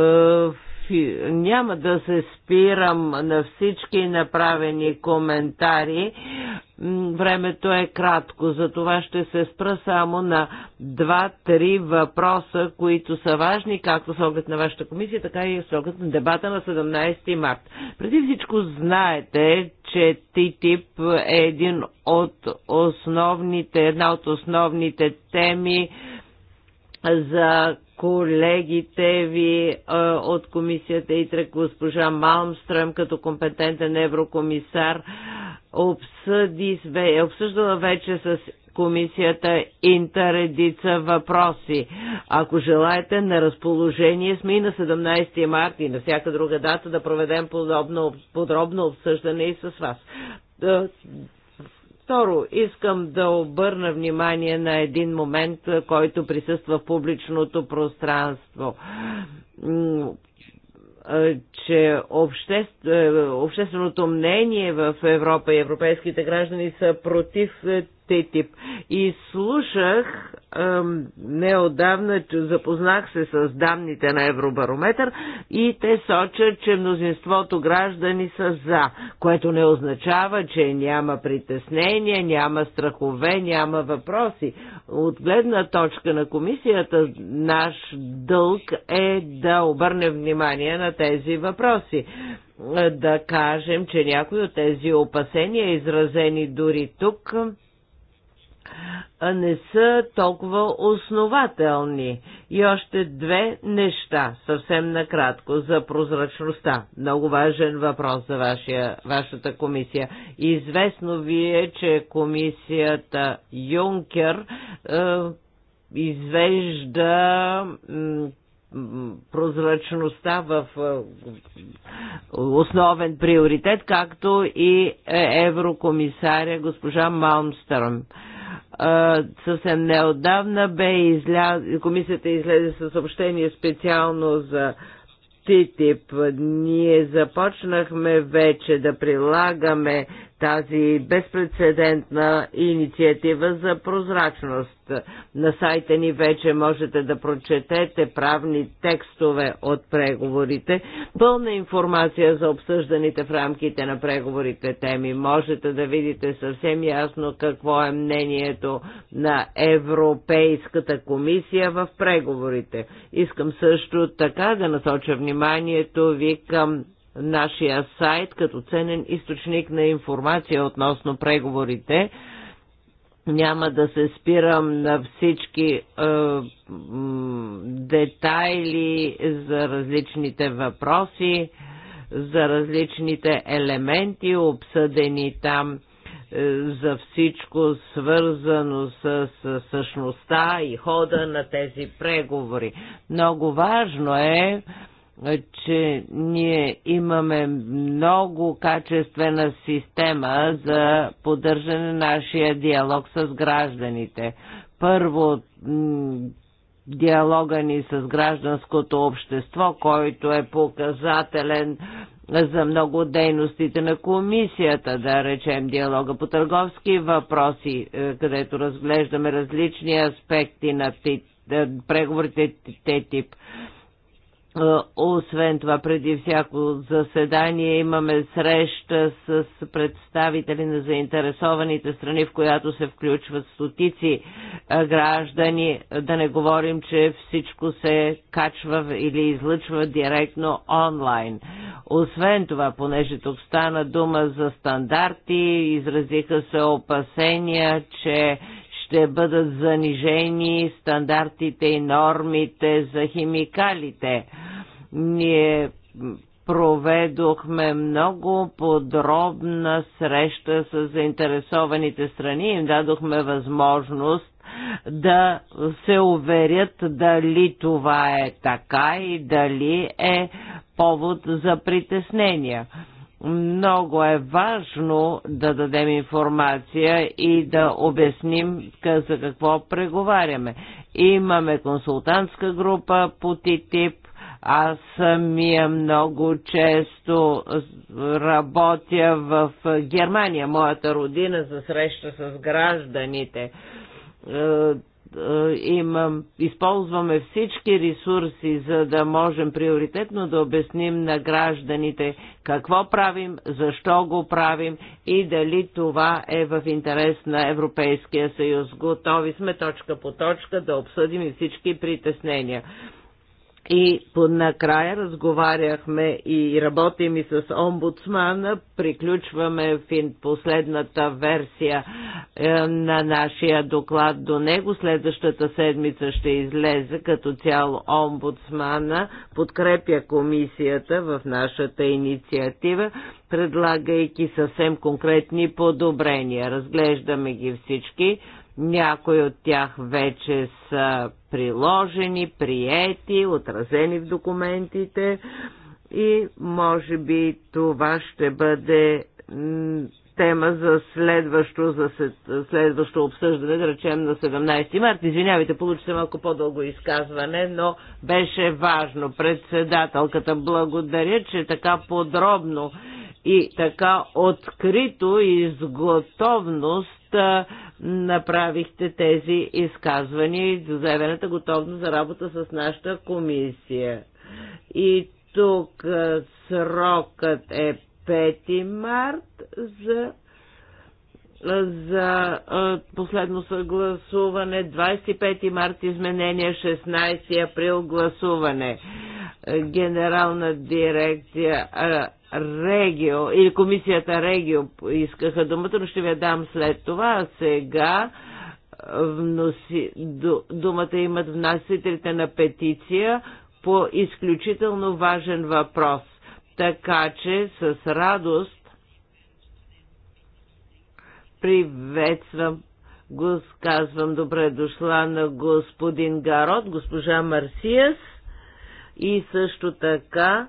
няма да се спирам на всички направени коментари. Времето е кратко, затова ще се спра само на два-три въпроса, които са важни, както с оглед на вашата комисия, така и с оглед на дебата на 17 март. Преди всичко знаете, че ТИТИП е един от основните, една от основните теми за колегите ви от комисията ИТРАК, госпожа Малмстръм, като компетентен еврокомисар, обсъди, е обсъждала вече с комисията интередица въпроси. Ако желаете, на разположение сме и на 17 марта и на всяка друга дата да проведем подобно, подробно обсъждане и с вас. Е, Второ, искам да обърна внимание на един момент, който присъства в публичното пространство че общественото мнение в Европа и европейските граждани са против тип. И слушах ем, неодавна, запознах се с данните на Евробарометър и те сочат, че мнозинството граждани са за, което не означава, че няма притеснения, няма страхове, няма въпроси. От гледна точка на комисията, наш дълг е да обърнем внимание на тези въпроси да кажем, че някои от тези опасения, изразени дори тук, не са толкова основателни. И още две неща, съвсем накратко, за прозрачността. Много важен въпрос за вашия, вашата комисия. Известно ви е, че комисията Юнкер е, извежда прозрачността в е, основен приоритет, както и е, еврокомисаря госпожа Малмстърм съвсем неодавна бе изля... комисията излезе със съобщение специално за ТТИП. Ние започнахме вече да прилагаме тази безпредседентна инициатива за прозрачност. На сайта ни вече можете да прочетете правни текстове от преговорите, пълна информация за обсъжданите в рамките на преговорите теми. Можете да видите съвсем ясно какво е мнението на Европейската комисия в преговорите. Искам също така да насоча вниманието ви към нашия сайт като ценен източник на информация относно преговорите. Няма да се спирам на всички е, детайли за различните въпроси, за различните елементи, обсъдени там е, за всичко свързано с, с същността и хода на тези преговори. Много важно е че ние имаме много качествена система за поддържане на нашия диалог с гражданите. Първо, диалога ни с гражданското общество, който е показателен за много от дейностите на комисията, да речем диалога по търговски въпроси, където разглеждаме различни аспекти на преговорите ТТИП. Е, освен това, преди всяко заседание имаме среща с представители на заинтересованите страни, в която се включват стотици е, граждани. Да не говорим, че всичко се качва или излъчва директно онлайн. Освен това, понеже тук стана дума за стандарти, изразиха се опасения, че ще бъдат занижени стандартите и нормите за химикалите. Ние проведохме много подробна среща с заинтересованите страни. Им дадохме възможност да се уверят дали това е така и дали е повод за притеснения много е важно да дадем информация и да обясним за какво преговаряме. Имаме консултантска група по ТИТИП, аз самия много често работя в Германия, моята родина, за среща с гражданите е, е, имам, използваме всички ресурси, за да можем приоритетно да обясним на гражданите какво правим, защо го правим и дали това е в интерес на Европейския съюз. Готови сме точка по точка да обсъдим и всички притеснения. И накрая разговаряхме и работим и с омбудсмана. Приключваме в последната версия е, на нашия доклад до него. Следващата седмица ще излезе като цяло омбудсмана. Подкрепя комисията в нашата инициатива, предлагайки съвсем конкретни подобрения. Разглеждаме ги всички. Някои от тях вече са приложени, приети, отразени в документите и може би това ще бъде тема за следващо, за следващо обсъждане, да речем на 17 март. Извинявайте, получите малко по-дълго изказване, но беше важно. Председателката благодаря, че така подробно и така открито и с готовност направихте тези изказвания и до заявената готовност за работа с нашата комисия. И тук срокът е 5 март за за последно съгласуване, 25 март изменение, 16 април гласуване. Генерална дирекция Регио или комисията Регио искаха думата, но ще ви я дам след това. А сега вноси, думата имат внасителите на петиция по изключително важен въпрос. Така че с радост Приветствам го казвам добре дошла на господин Гарот, госпожа Марсиас и също така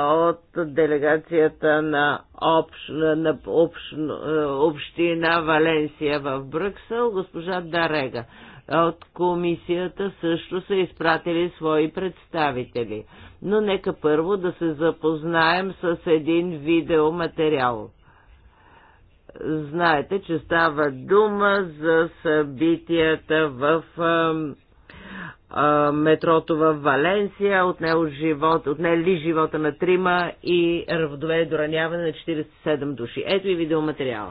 от делегацията на, общ, на общ, община Валенсия в Брюксел, госпожа Дарега. От комисията също са изпратили свои представители. Но нека първо да се запознаем с един видеоматериал. Знаете, че става дума за събитията в метрото в Валенсия, отнело живот, отнели живота на трима и доведе до раняване на 47 души. Ето и видеоматериал.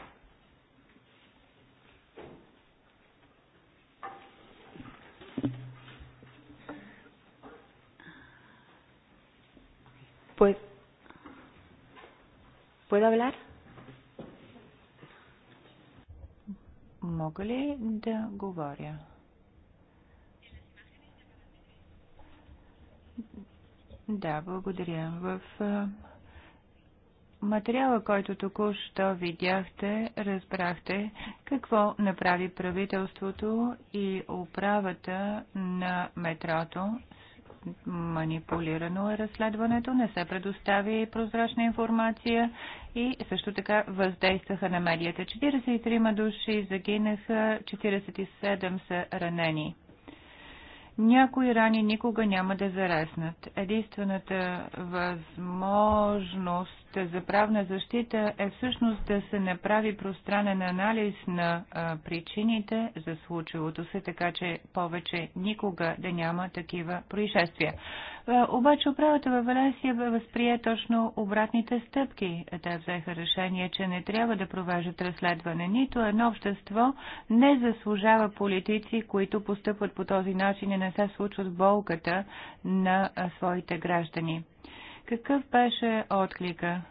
Pues, ¿puedo hablar?
Мога ли да говоря? Да, благодаря. В материала, който току-що видяхте, разбрахте какво направи правителството и управата на метрото манипулирано е разследването, не се предостави прозрачна информация и също така въздействаха на медията. 43 души загинаха, 47 са ранени. Някои рани никога няма да зареснат. Единствената възможност за правна защита е всъщност да се направи пространен анализ на а, причините за случилото се, така че повече никога да няма такива происшествия. Е, обаче управата във Валенсия бе възприе точно обратните стъпки. Те взеха решение, че не трябва да провеждат разследване. Нито едно общество не заслужава политици, които постъпват по този начин и не се случват болката на своите граждани. Какъв беше отклика?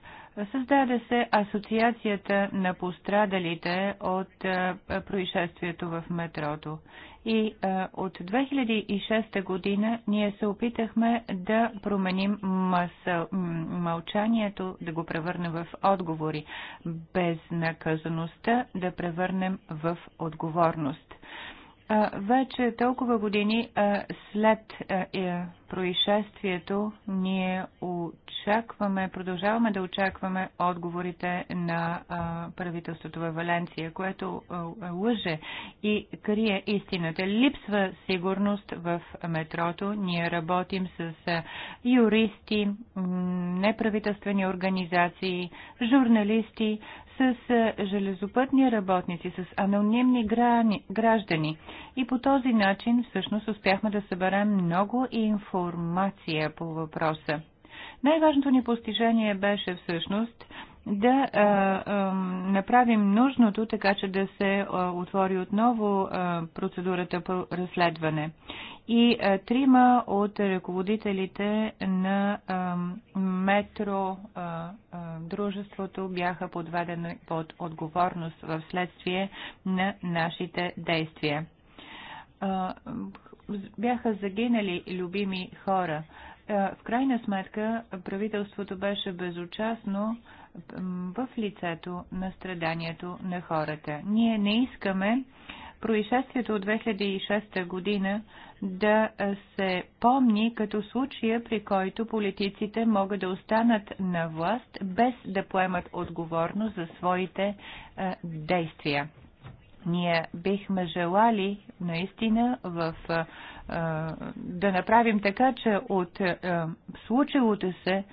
Създаде се Асоциацията на пострадалите от е, происшествието в метрото. И е, от 2006 година ние се опитахме да променим мълчанието, да го превърнем в отговори, безнаказаността да превърнем в отговорност. Вече толкова години след е, происшествието ние очакваме, продължаваме да очакваме отговорите на правителството в Валенция, което лъже и крие истината. Липсва сигурност в метрото. Ние работим с юристи, неправителствени организации, журналисти, с железопътни работници, с анонимни граждани. И по този начин всъщност успяхме да съберем много информация по въпроса. Най-важното ни постижение беше всъщност да а, а, направим нужното, така че да се а, отвори отново а, процедурата по разследване. И а, трима от ръководителите на а, метро а, а, дружеството бяха подведени под отговорност в следствие на нашите действия. А, бяха загинали любими хора. А, в крайна сметка правителството беше безучастно в лицето на страданието на хората. Ние не искаме происшествието от 2006 година да се помни като случая, при който политиците могат да останат на власт без да поемат отговорност за своите а, е, действия. Ние бихме желали наистина в, а, е, е, да направим така, че от а, случилото се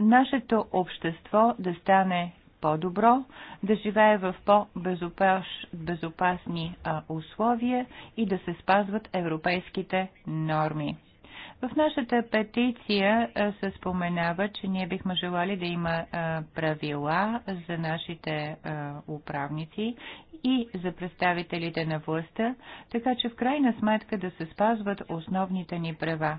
нашето общество да стане по-добро, да живее в по-безопасни условия и да се спазват европейските норми. В нашата петиция се споменава, че ние бихме желали да има правила за нашите управници и за представителите на властта, така че в крайна сметка да се спазват основните ни права,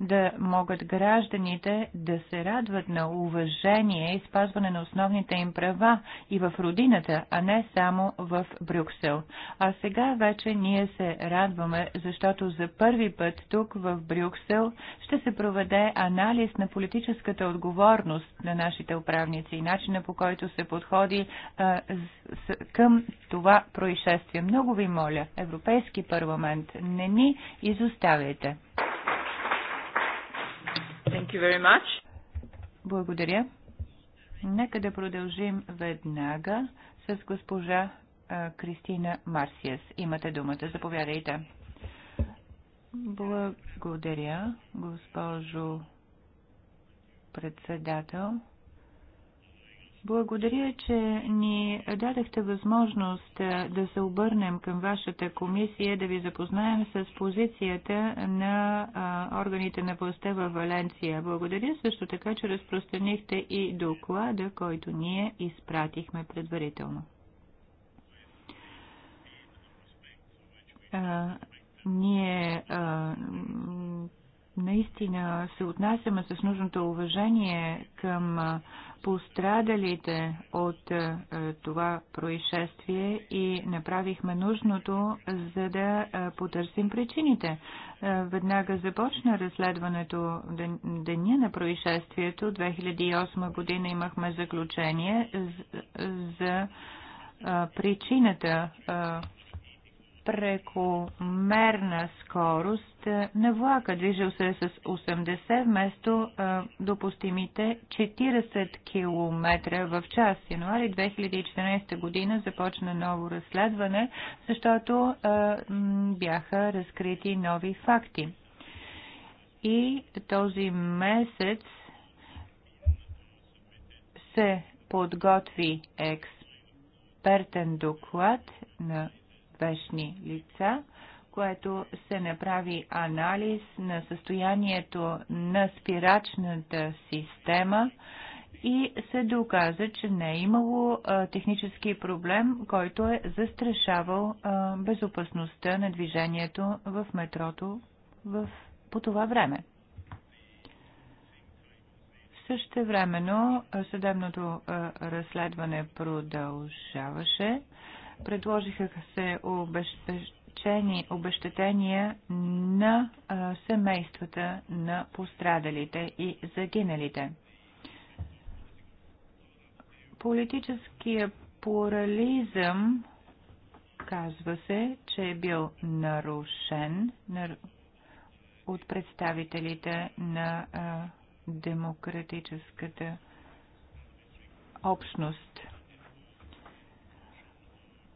да могат гражданите да се радват на уважение и спазване на основните им права и в родината, а не само в Брюксел. А сега вече ние се радваме, защото за първи път тук в Брюксел ще се проведе анализ на политическата отговорност на нашите управници и начина по който се подходи а, с, към това това происшествие. Много ви моля, Европейски парламент, не ни изоставяйте.
Thank you very much.
Благодаря. Нека да продължим веднага с госпожа Кристина Марсиес. Имате думата. Заповядайте. Благодаря, госпожо председател. Благодаря, че ни дадахте възможност е, да се обърнем към вашата комисия, да ви запознаем с позицията на органите на властта във Валенция. Благодаря също така, че разпространихте и доклада, който ние изпратихме предварително. ние наистина се отнасяме с нужното уважение към пострадалите от това происшествие и направихме нужното, за да потърсим причините. Веднага започна разследването деня на происшествието. 2008 година имахме заключение за причината прекомерна скорост е, на влака. Движил се е с 80 вместо е, допустимите 40 км в час. Януари 2014 година започна ново разследване, защото бяха разкрити нови факти. И този месец се подготви експертен доклад на външни лица, което се направи анализ на състоянието на спирачната система и се доказа, че не е имало технически проблем, който е застрашавал безопасността на движението в метрото в, по това време. Същевременно съдебното разследване продължаваше. Предложиха се обещени, обещетения на семействата на пострадалите и загиналите. Политическия плурализъм казва се, че е бил нарушен от представителите на демократическата общност.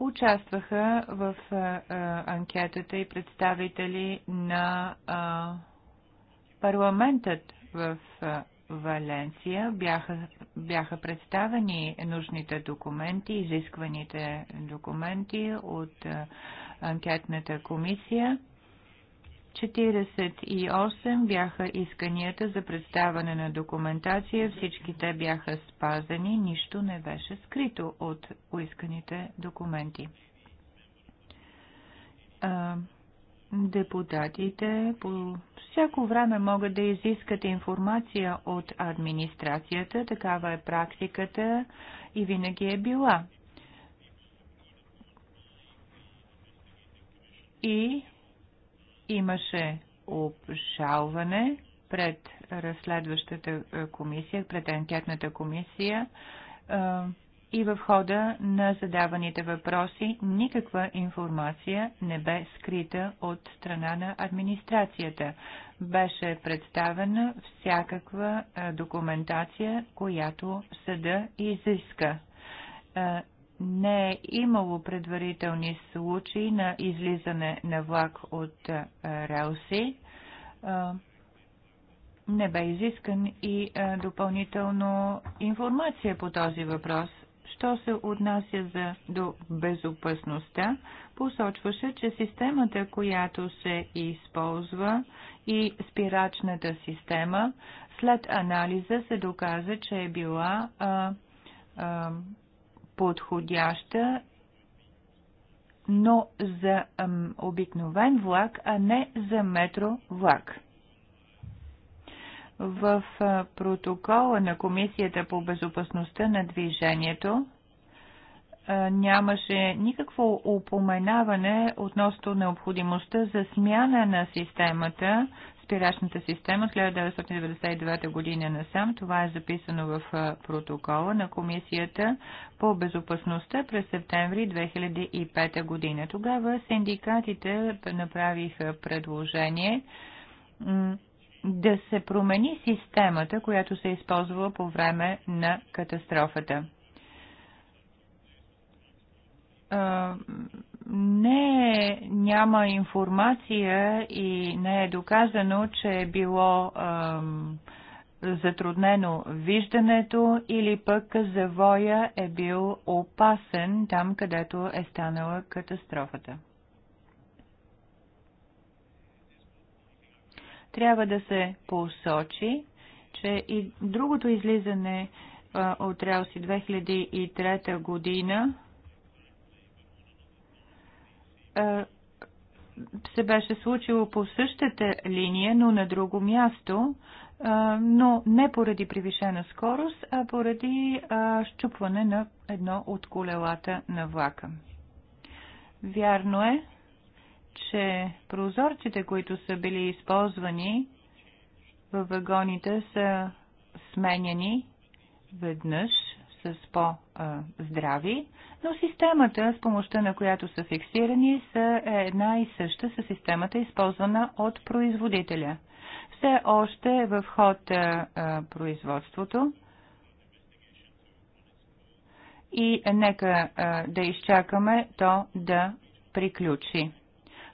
Участваха в анкетата и представители на парламентът в Валенсия бяха, бяха представени нужните документи, изискваните документи от анкетната комисия 48 бяха исканията за представане на документация. Всички те бяха спазени, нищо не беше скрито от поисканите документи. Депутатите по всяко време могат да изискат информация от администрацията, такава е практиката и винаги е била. И Имаше обжалване пред разследващата е, комисия, пред анкетната комисия е, и в хода на задаваните въпроси никаква информация не бе скрита от страна на администрацията. Беше представена всякаква е, документация, която съда изиска не е имало предварителни случаи на излизане на влак от релси. Не бе изискан и допълнително информация по този въпрос. Що се отнася за, до безопасността, посочваше, че системата, която се използва и спирачната система, след анализа се доказа, че е била а, а, подходяща, но за обикновен влак, а не за метро влак. В протокола на Комисията по безопасността на движението нямаше никакво упоменаване относно необходимостта за смяна на системата спирачната система от 1999 година насам. Това е записано в протокола на Комисията по безопасността през септември 2005 година. Тогава синдикатите направиха предложение да се промени системата, която се е използвала по време на катастрофата не няма информация и не е доказано, че е било ам, затруднено виждането или пък завоя е бил опасен там, където е станала катастрофата. Трябва да се посочи, че и другото излизане от Релси 2003 година се беше случило по същата линия, но на друго място, но не поради превишена скорост, а поради щупване на едно от колелата на влака. Вярно е, че прозорците, които са били използвани във вагоните, са сменяни веднъж с по здрави, но системата, с помощта на която са фиксирани, са е една и съща с системата, използвана от производителя. Все още е в ход производството и нека да изчакаме то да приключи.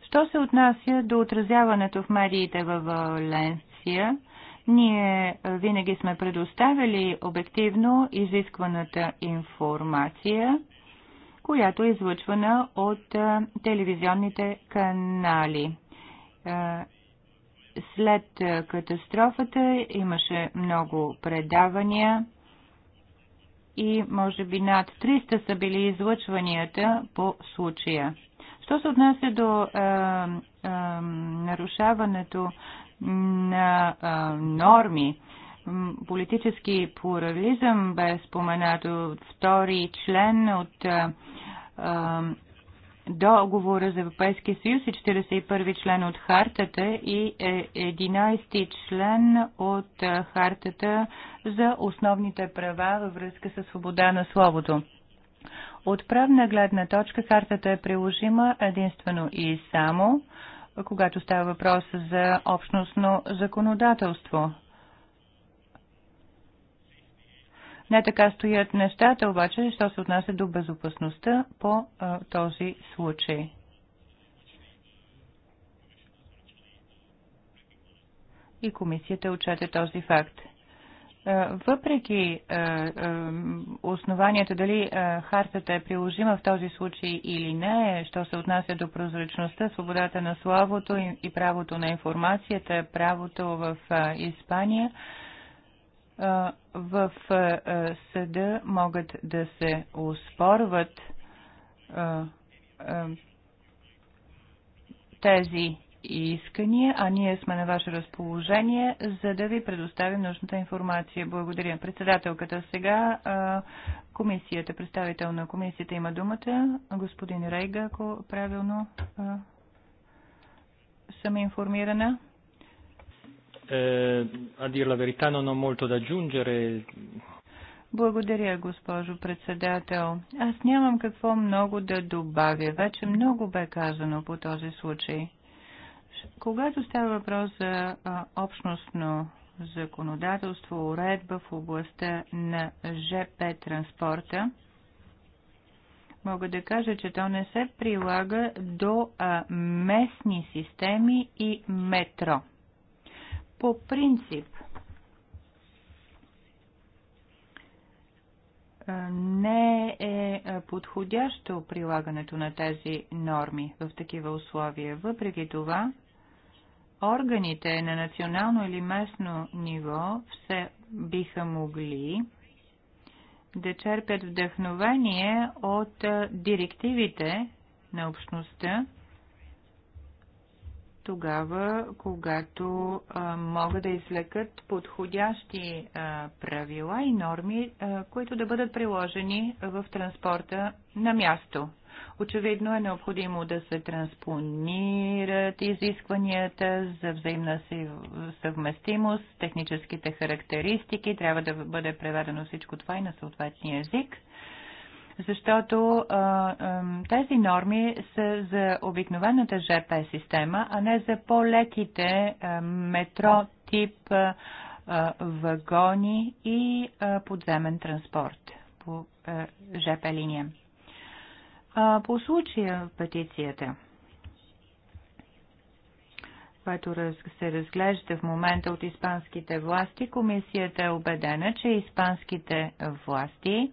Що се отнася до отразяването в медиите във Валенция, ние винаги сме предоставили обективно изискваната информация, която е излъчвана от телевизионните канали. След катастрофата имаше много предавания и може би над 300 са били излъчванията по случая. Що се отнася до е, е, нарушаването на а, норми. Политически плурализъм бе споменато втори член от а, а, договора за Европейския съюз и 41-и член от хартата и 11-ти е член от хартата за основните права във връзка с свобода на словото. От правна гледна точка хартата е приложима единствено и само когато става въпрос за общностно законодателство. Не така стоят нещата, обаче, що се отнася до безопасността по а, този случай. И комисията отчете този факт. Е, въпреки е, е, основанията дали хартата е приложима в този случай или не, що се отнася до прозрачността, свободата на словото и правото на информацията, правото в Испания, в съда могат да се успорват тези искания, а ние сме на ваше разположение, за да ви предоставим нужната информация. Благодаря. Председателката сега, комисията, представител на комисията има думата. Господин Рейга, ако правилно съм информирана. a е, dir la verità non ho molto da aggiungere, благодаря, госпожо председател. Аз нямам какво много да добавя. Вече много бе казано по този случай. Когато става въпрос за общностно законодателство, уредба в областта на ЖП транспорта, мога да кажа, че то не се прилага до а, местни системи и метро. По принцип, не е подходящо прилагането на тези норми в такива условия. Въпреки това, органите на национално или местно ниво все биха могли да черпят вдъхновение от директивите на общността, тогава, когато а, могат да извлекат подходящи а, правила и норми, а, които да бъдат приложени в транспорта на място. Очевидно е необходимо да се транспонират изискванията за взаимна съвместимост, техническите характеристики, трябва да бъде преведено всичко това и на съответния език защото а, а, тези норми са за обикновената ЖП система, а не за по-леките метро тип а, вагони и а, подземен транспорт по ЖП линия по случая петицията, която се разглежда в момента от испанските власти, комисията е убедена, че испанските власти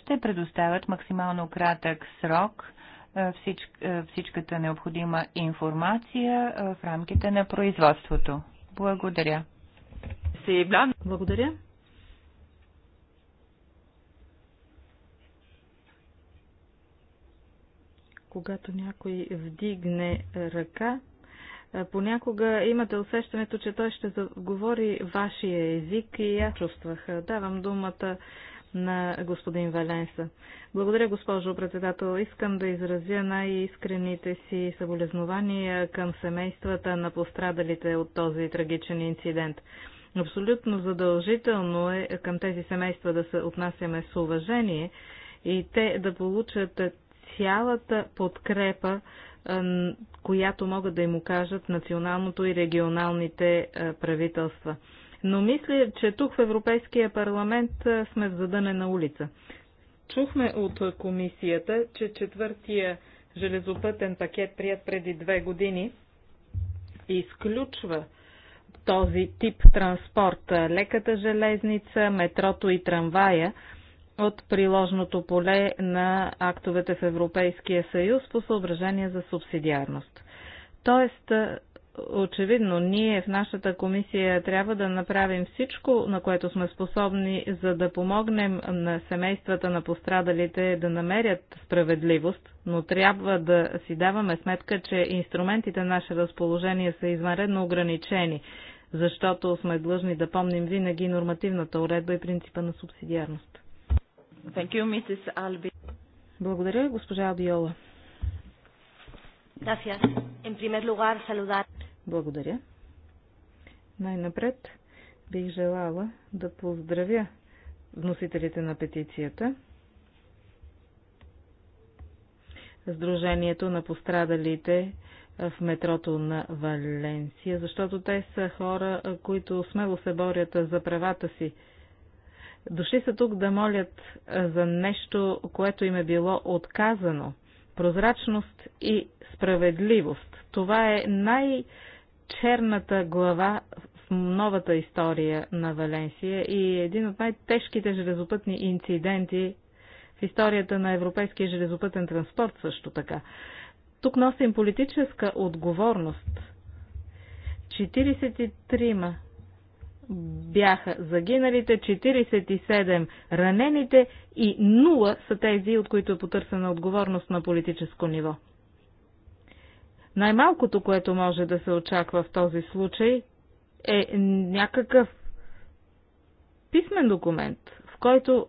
ще предоставят максимално кратък срок всичката необходима информация в рамките на производството. Благодаря. Е Благодаря.
когато някой вдигне ръка, понякога имате усещането, че той ще говори вашия език и аз чувствах. Давам думата на господин Валенса. Благодаря, госпожо председател. Искам да изразя най-искрените си съболезнования към семействата на пострадалите от този трагичен инцидент. Абсолютно задължително е към тези семейства да се отнасяме с уважение и те да получат цялата подкрепа, е, която могат да им окажат националното и регионалните е, правителства. Но мисля, че тук в Европейския парламент е, сме в задънена улица. Чухме от комисията, че четвъртия железопътен пакет, прият преди две години, изключва този тип транспорт леката железница, метрото и трамвая – от приложното поле на актовете в Европейския съюз по съображение за субсидиарност. Тоест, е, очевидно, ние в нашата комисия трябва да направим всичко, на което сме способни, за да помогнем на семействата на пострадалите да намерят справедливост, но трябва да си даваме сметка, че инструментите на наше разположение са извънредно ограничени, защото сме длъжни да помним винаги нормативната уредба и принципа на субсидиарност.
Thank you, Mrs. Albi.
Благодаря, госпожа Абиола.
Gracias. En primer lugar, saludar.
Благодаря. Най-напред бих желала да поздравя вносителите на петицията. Сдружението на пострадалите в метрото на Валенсия, защото те са хора, които смело се борят за правата си. Дошли са тук да молят за нещо, което им е било отказано. Прозрачност и справедливост. Това е най-черната глава в новата история на Валенсия и един от най-тежките железопътни инциденти в историята на европейския железопътен транспорт също така. Тук носим политическа отговорност. 43 бяха загиналите, 47 ранените и 0 са тези, от които е потърсена отговорност на политическо ниво. Най-малкото, което може да се очаква в този случай, е някакъв писмен документ, в който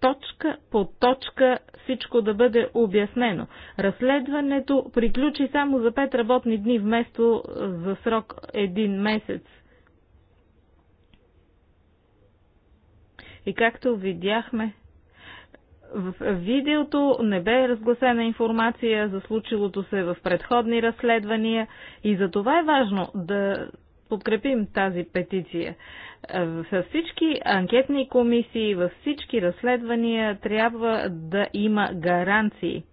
точка по точка всичко да бъде обяснено. Разследването приключи само за 5 работни дни вместо за срок един месец. И както видяхме, в видеото не бе разгласена информация за случилото се в предходни разследвания и за това е важно да подкрепим тази петиция. Във всички анкетни комисии, във всички разследвания трябва да има гаранции.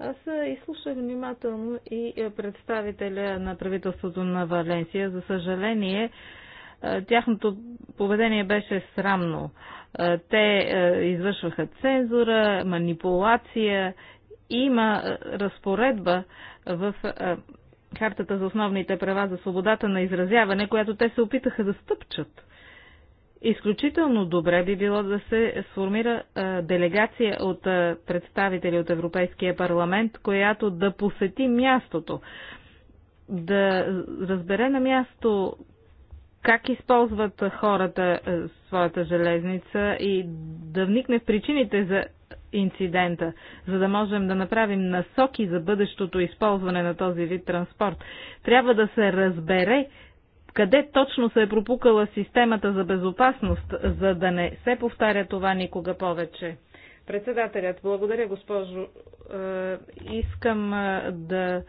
Аз изслушах внимателно и представителя на правителството на Валенсия. За съжаление, е, тяхното поведение беше срамно. Е, те е, извършваха цензура, манипулация. Има разпоредба в Хартата за основните права за свободата на изразяване, която те се опитаха да стъпчат. Изключително добре би било да се сформира делегация от представители от Европейския парламент, която да посети мястото, да разбере на място как използват хората е, своята железница и да вникне в причините за инцидента, за да можем да направим насоки за бъдещото използване на този вид транспорт. Трябва да се разбере къде точно се е пропукала системата за безопасност, за да не се повтаря това никога повече. Председателят, благодаря госпожо. Е, искам е, да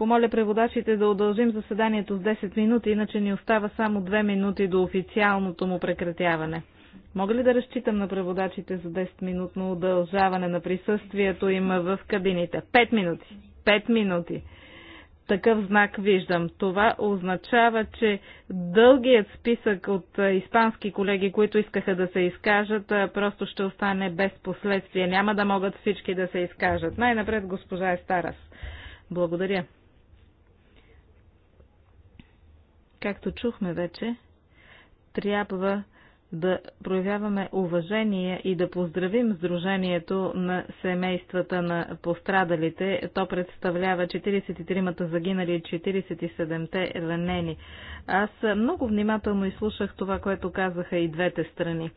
помоля преводачите да удължим заседанието с 10 минути, иначе ни остава само 2 минути до официалното му прекратяване. Мога ли да разчитам на преводачите за 10-минутно удължаване на присъствието им в кабините? 5 минути. 5 минути. Такъв знак виждам. Това означава, че дългият списък от испански колеги, които искаха да се изкажат, просто ще остане без последствия. Няма да могат всички да се изкажат. Най-напред госпожа Естарас. Благодаря. Както чухме вече, трябва да проявяваме уважение и да поздравим Сдружението на семействата на пострадалите. То представлява 43-мата загинали и 47-те ранени. Аз много внимателно изслушах това, което казаха и двете страни.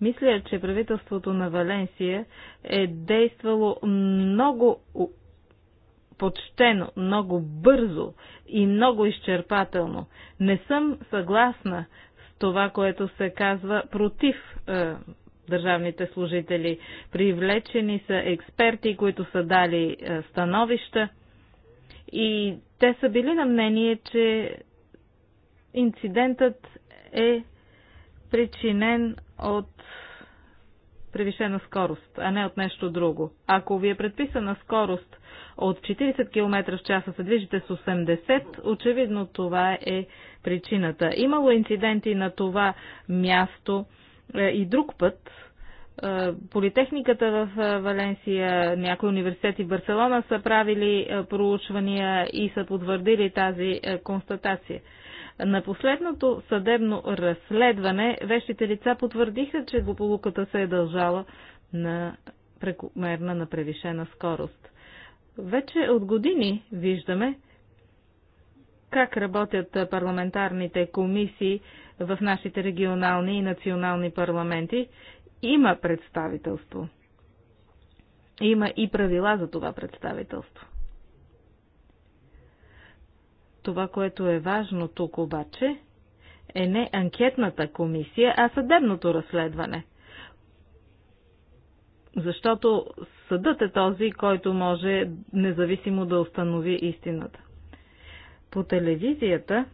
Мисля, че правителството на Валенсия е действало много почтено, много бързо и много изчерпателно. Не съм съгласна с това, което се казва против е, държавните служители. Привлечени са експерти, които са дали е, становища и те са били на мнение, че инцидентът е причинен от превишена скорост, а не от нещо друго. Ако ви е предписана скорост от 40 км в часа се движите с 80, очевидно това е причината. Имало инциденти на това място е, и друг път. Е, Политехниката в е, Валенсия, някои университети в Барселона са правили проучвания и са потвърдили тази констатация. На последното съдебно разследване вещите лица потвърдиха, че глуполуката се е дължала на прекомерна на превишена скорост. Вече от години виждаме как работят парламентарните комисии в нашите регионални и национални парламенти. Има представителство. Има и правила за това представителство. Това, което е важно тук обаче, е не анкетната комисия, а съдебното разследване. Защото съдът е този, който може независимо да установи истината. По телевизията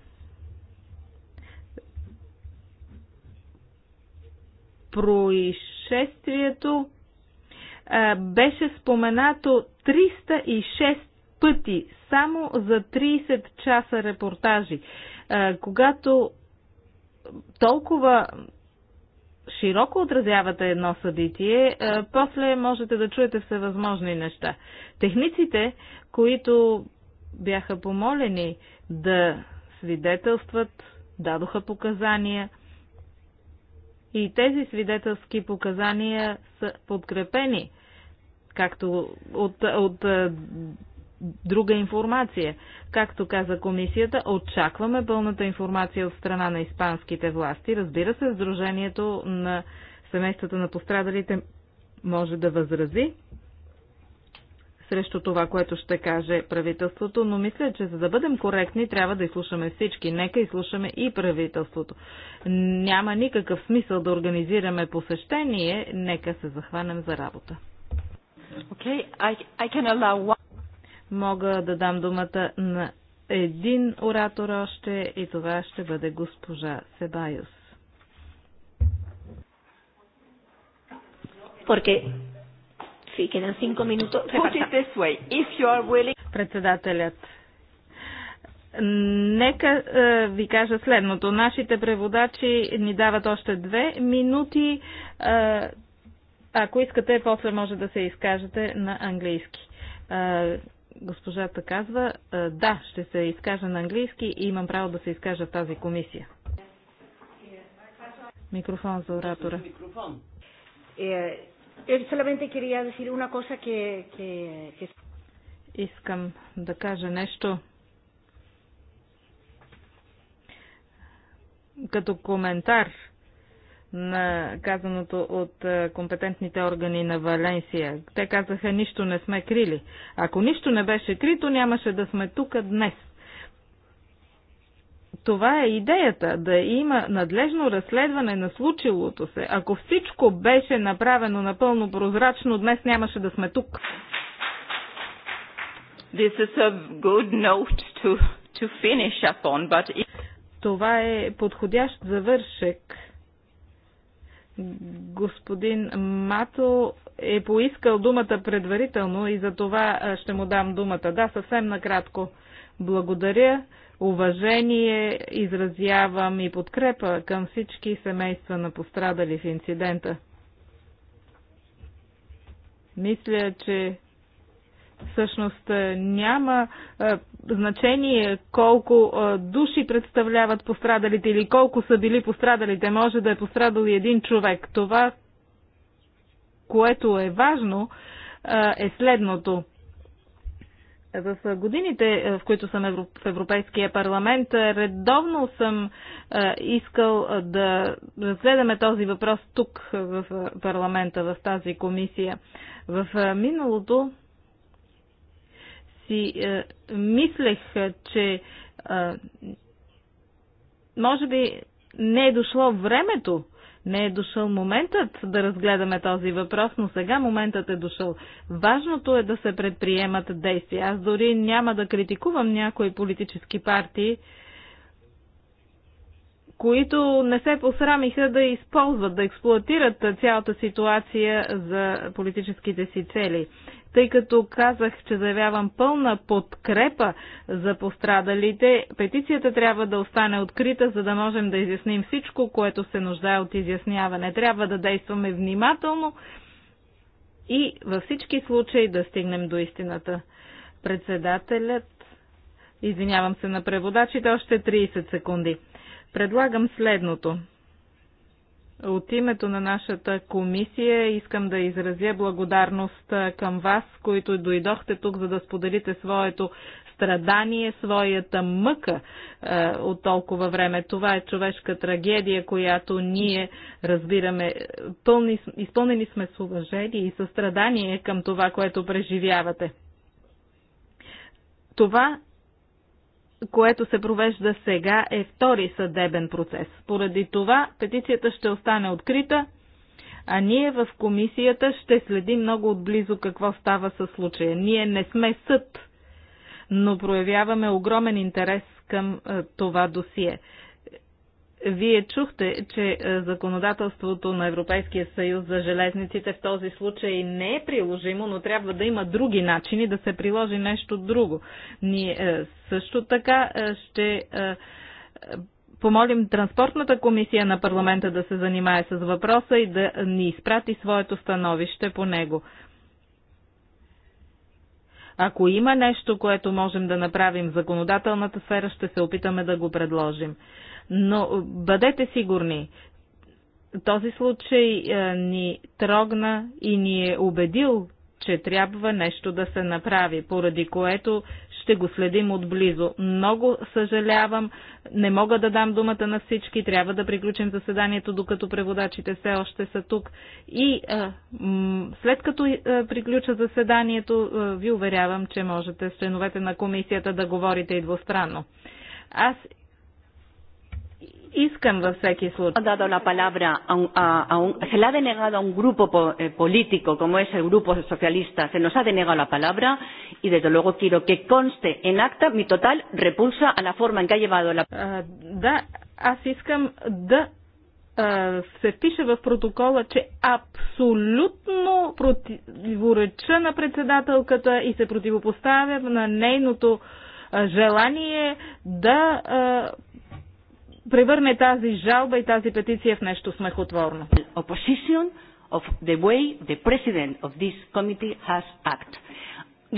происшествието беше споменато 306 пъти, само за 30 часа репортажи. Когато толкова широко отразявате едно събитие, после можете да чуете всевъзможни неща. Техниците, които бяха помолени да свидетелстват, дадоха показания и тези свидетелски показания са подкрепени както от, от друга информация. Както каза комисията, очакваме пълната информация от страна на испанските власти. Разбира се, Сдружението на семействата на пострадалите може да възрази срещу това, което ще каже правителството, но мисля, че за да бъдем коректни, трябва да изслушаме всички. Нека изслушаме и правителството. Няма никакъв смисъл да организираме посещение, нека се захванем за работа. Okay, I, I can allow one... Мога да дам думата на един оратор още и това ще бъде
госпожа Себайос. Porque si quedan cinco minutos, put
it this way.
If you are willing...
Председателят. Нека е, ви кажа следното. Нашите преводачи ни дават още две минути. Е, ако искате, после може да се изкажете на английски. Е, Госпожата казва, да, ще се изкажа на английски и имам право да се изкажа в тази комисия. Микрофон за оратора.
Е, е,
Искам да кажа нещо като коментар на казаното от е, компетентните органи на Валенсия. Те казаха, нищо не сме крили. Ако нищо не беше крито, нямаше да сме тук днес. Това е идеята да има надлежно разследване на случилото се. Ако всичко беше направено напълно прозрачно, днес нямаше да сме тук. This is a good note to, to finish upon, but... Това е подходящ завършек Господин Мато е поискал думата предварително и за това ще му дам думата. Да, съвсем накратко. Благодаря, уважение, изразявам и подкрепа към всички семейства на пострадали в инцидента. Мисля, че Всъщност е, няма е, значение колко е, души представляват пострадалите или колко са били пострадалите. Може да е пострадал и един човек. Това, което е важно, е, е следното. В годините, е, в които съм в Европейския парламент, редовно съм искал да разгледаме този въпрос тук в парламента, в тази комисия. В миналото си е, мислех, е, че е, може би не е дошло времето, не е дошъл моментът да разгледаме този въпрос, но сега моментът е дошъл. Важното е да се предприемат действия. Аз дори няма да критикувам някои политически партии, които не се посрамиха да използват, да експлуатират цялата ситуация за политическите си цели. Тъй като казах, че заявявам пълна подкрепа за пострадалите, петицията трябва да остане открита, за да можем да изясним всичко, което се нуждае от изясняване. Трябва да действаме внимателно и във всички случаи да стигнем до истината. Председателят, извинявам се на преводачите, още 30 секунди. Предлагам следното. От името на нашата комисия искам да изразя благодарност към вас, които дойдохте тук, за да споделите своето страдание, своята мъка е, от толкова време. Това е човешка трагедия, която ние разбираме. Пълни, изпълнени сме с уважение и състрадание към това, което преживявате. Това което се провежда сега, е втори съдебен процес. Поради това петицията ще остане открита, а ние в комисията ще следим много отблизо какво става със случая. Ние не сме съд, но проявяваме огромен интерес към е, това досие. Вие чухте, че е, законодателството на Европейския съюз за железниците в този случай не е приложимо, но трябва да има други начини да се приложи нещо друго. Ние е, също така е, ще помолим Транспортната комисия на парламента да се занимае с въпроса и да ни изпрати своето становище по него. Ако има нещо, което можем да направим в законодателната сфера, ще се опитаме да го предложим. Но бъдете сигурни, този случай е, ни трогна и ни е убедил, че трябва нещо да се направи, поради което ще го следим отблизо. Много съжалявам, не мога да дам думата на всички, трябва да приключим заседанието, докато преводачите все още са тук. И а, е, след като а, е, приключа заседанието, а, ви уверявам, че можете с членовете на комисията да говорите и двустранно. Аз
Искам във всеки случай. dado la palabra a un, a, a un, se la ha denegado a un grupo po, eh, político como es el grupo socialista, se nos ha denegado la palabra y desde luego quiero que conste en acta mi total repulsa a la forma en que ha llevado la. Uh, да, аз
искам да се пише в протокола, че абсолютно противореча на председателката и се противопоставя на нейното желание да превърне тази жалба и тази петиция в нещо смехотворно. Opposition of the way
the president of this committee has act.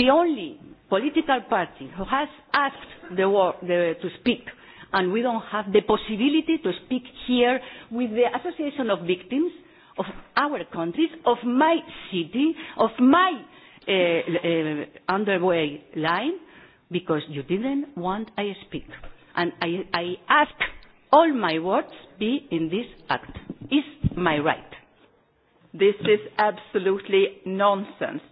The only political party who has asked the world the, to speak and we don't have the possibility to speak here with the Association of Victims of our countries, of my city, of my uh, uh, underway line, because you didn't want I speak and I, I ask all my words be in this act. Is my right. This is
absolutely nonsense.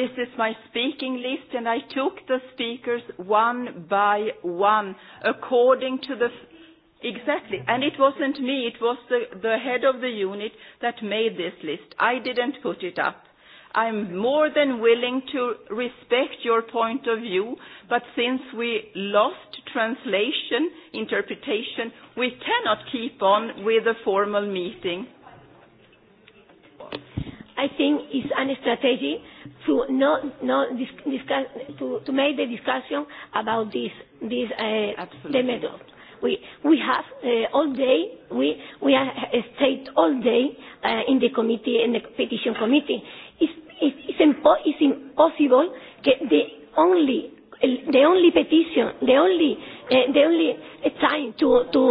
This is my speaking list, and I took the speakers one by one according to the. Exactly. And it wasn't me, it was the, the head of the unit that made this list. I didn't put it up I'm more than willing to respect your point of view, but since we lost translation, interpretation, we cannot keep on with a formal meeting.
I think it's a strategy to not, not discuss, to, to make the discussion about this, this uh, the method we we have uh, all day we we have stayed all day uh, in the committee in the petition committee It's, it's, impo- it's impossible that the only the only petition, the only uh, the only time to to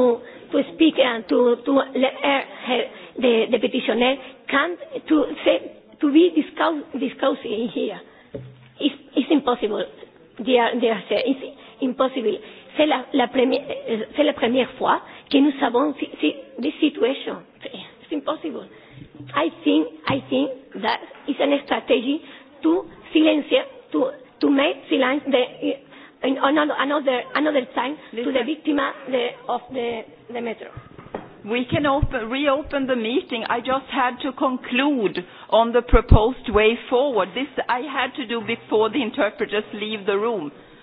to speak and to to let her, her, the the petitioner can to say, to be discuss, discussing here. It's, it's impossible. Dear, dear, it's impossible. C'est la, la, première, c'est la première fois que nous savons si, si, this situation. It's impossible. I think I think that is a strategy to silence to to make silence the in another another time Listen. to the victim the, of the the metro.
We can open, reopen the meeting. I just had to conclude on the proposed way forward. This I had to do before the interpreters leave the room.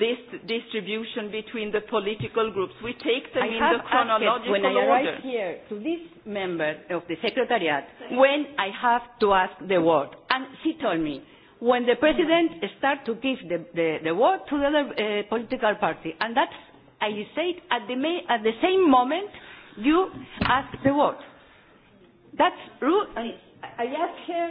this distribution
between the political groups. We take them I in the chronological when I order. here to this member of the secretariat, when I have to ask the word, and she told me, when the president starts to give the, the, the word to the other uh, political party, and that's, I say it at the, may, at the same moment you ask the word. That's rude. I asked her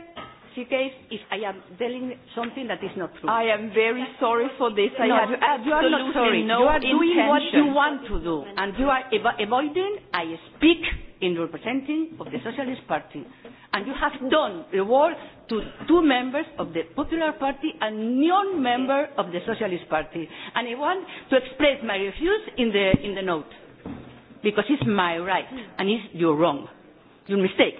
she gave if I am telling something that is not true. I am very sorry for this. I have you, absolutely are not sorry. no You are intention. doing what you want to do, and you are ev- avoiding. I speak in representing of the Socialist Party, and you have done the work to two members of the Popular Party and non-member of the Socialist Party. And I want to express my refuse in the in the note, because it's my right and it's your wrong, your mistake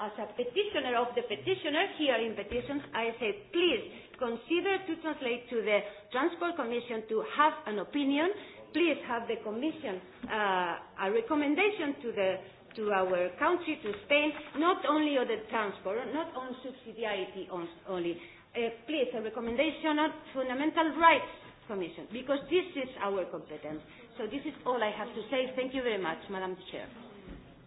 as a petitioner of the petitioner here in petitions, I say please consider to translate to the Transport Commission to have an opinion. Please have the Commission uh, a recommendation to the to our country, to Spain, not only on the transport, not on subsidiarity only. Uh, please, a recommendation on fundamental rights commission, because this is our competence. So this is all I have to say. Thank you very much, Madam Chair.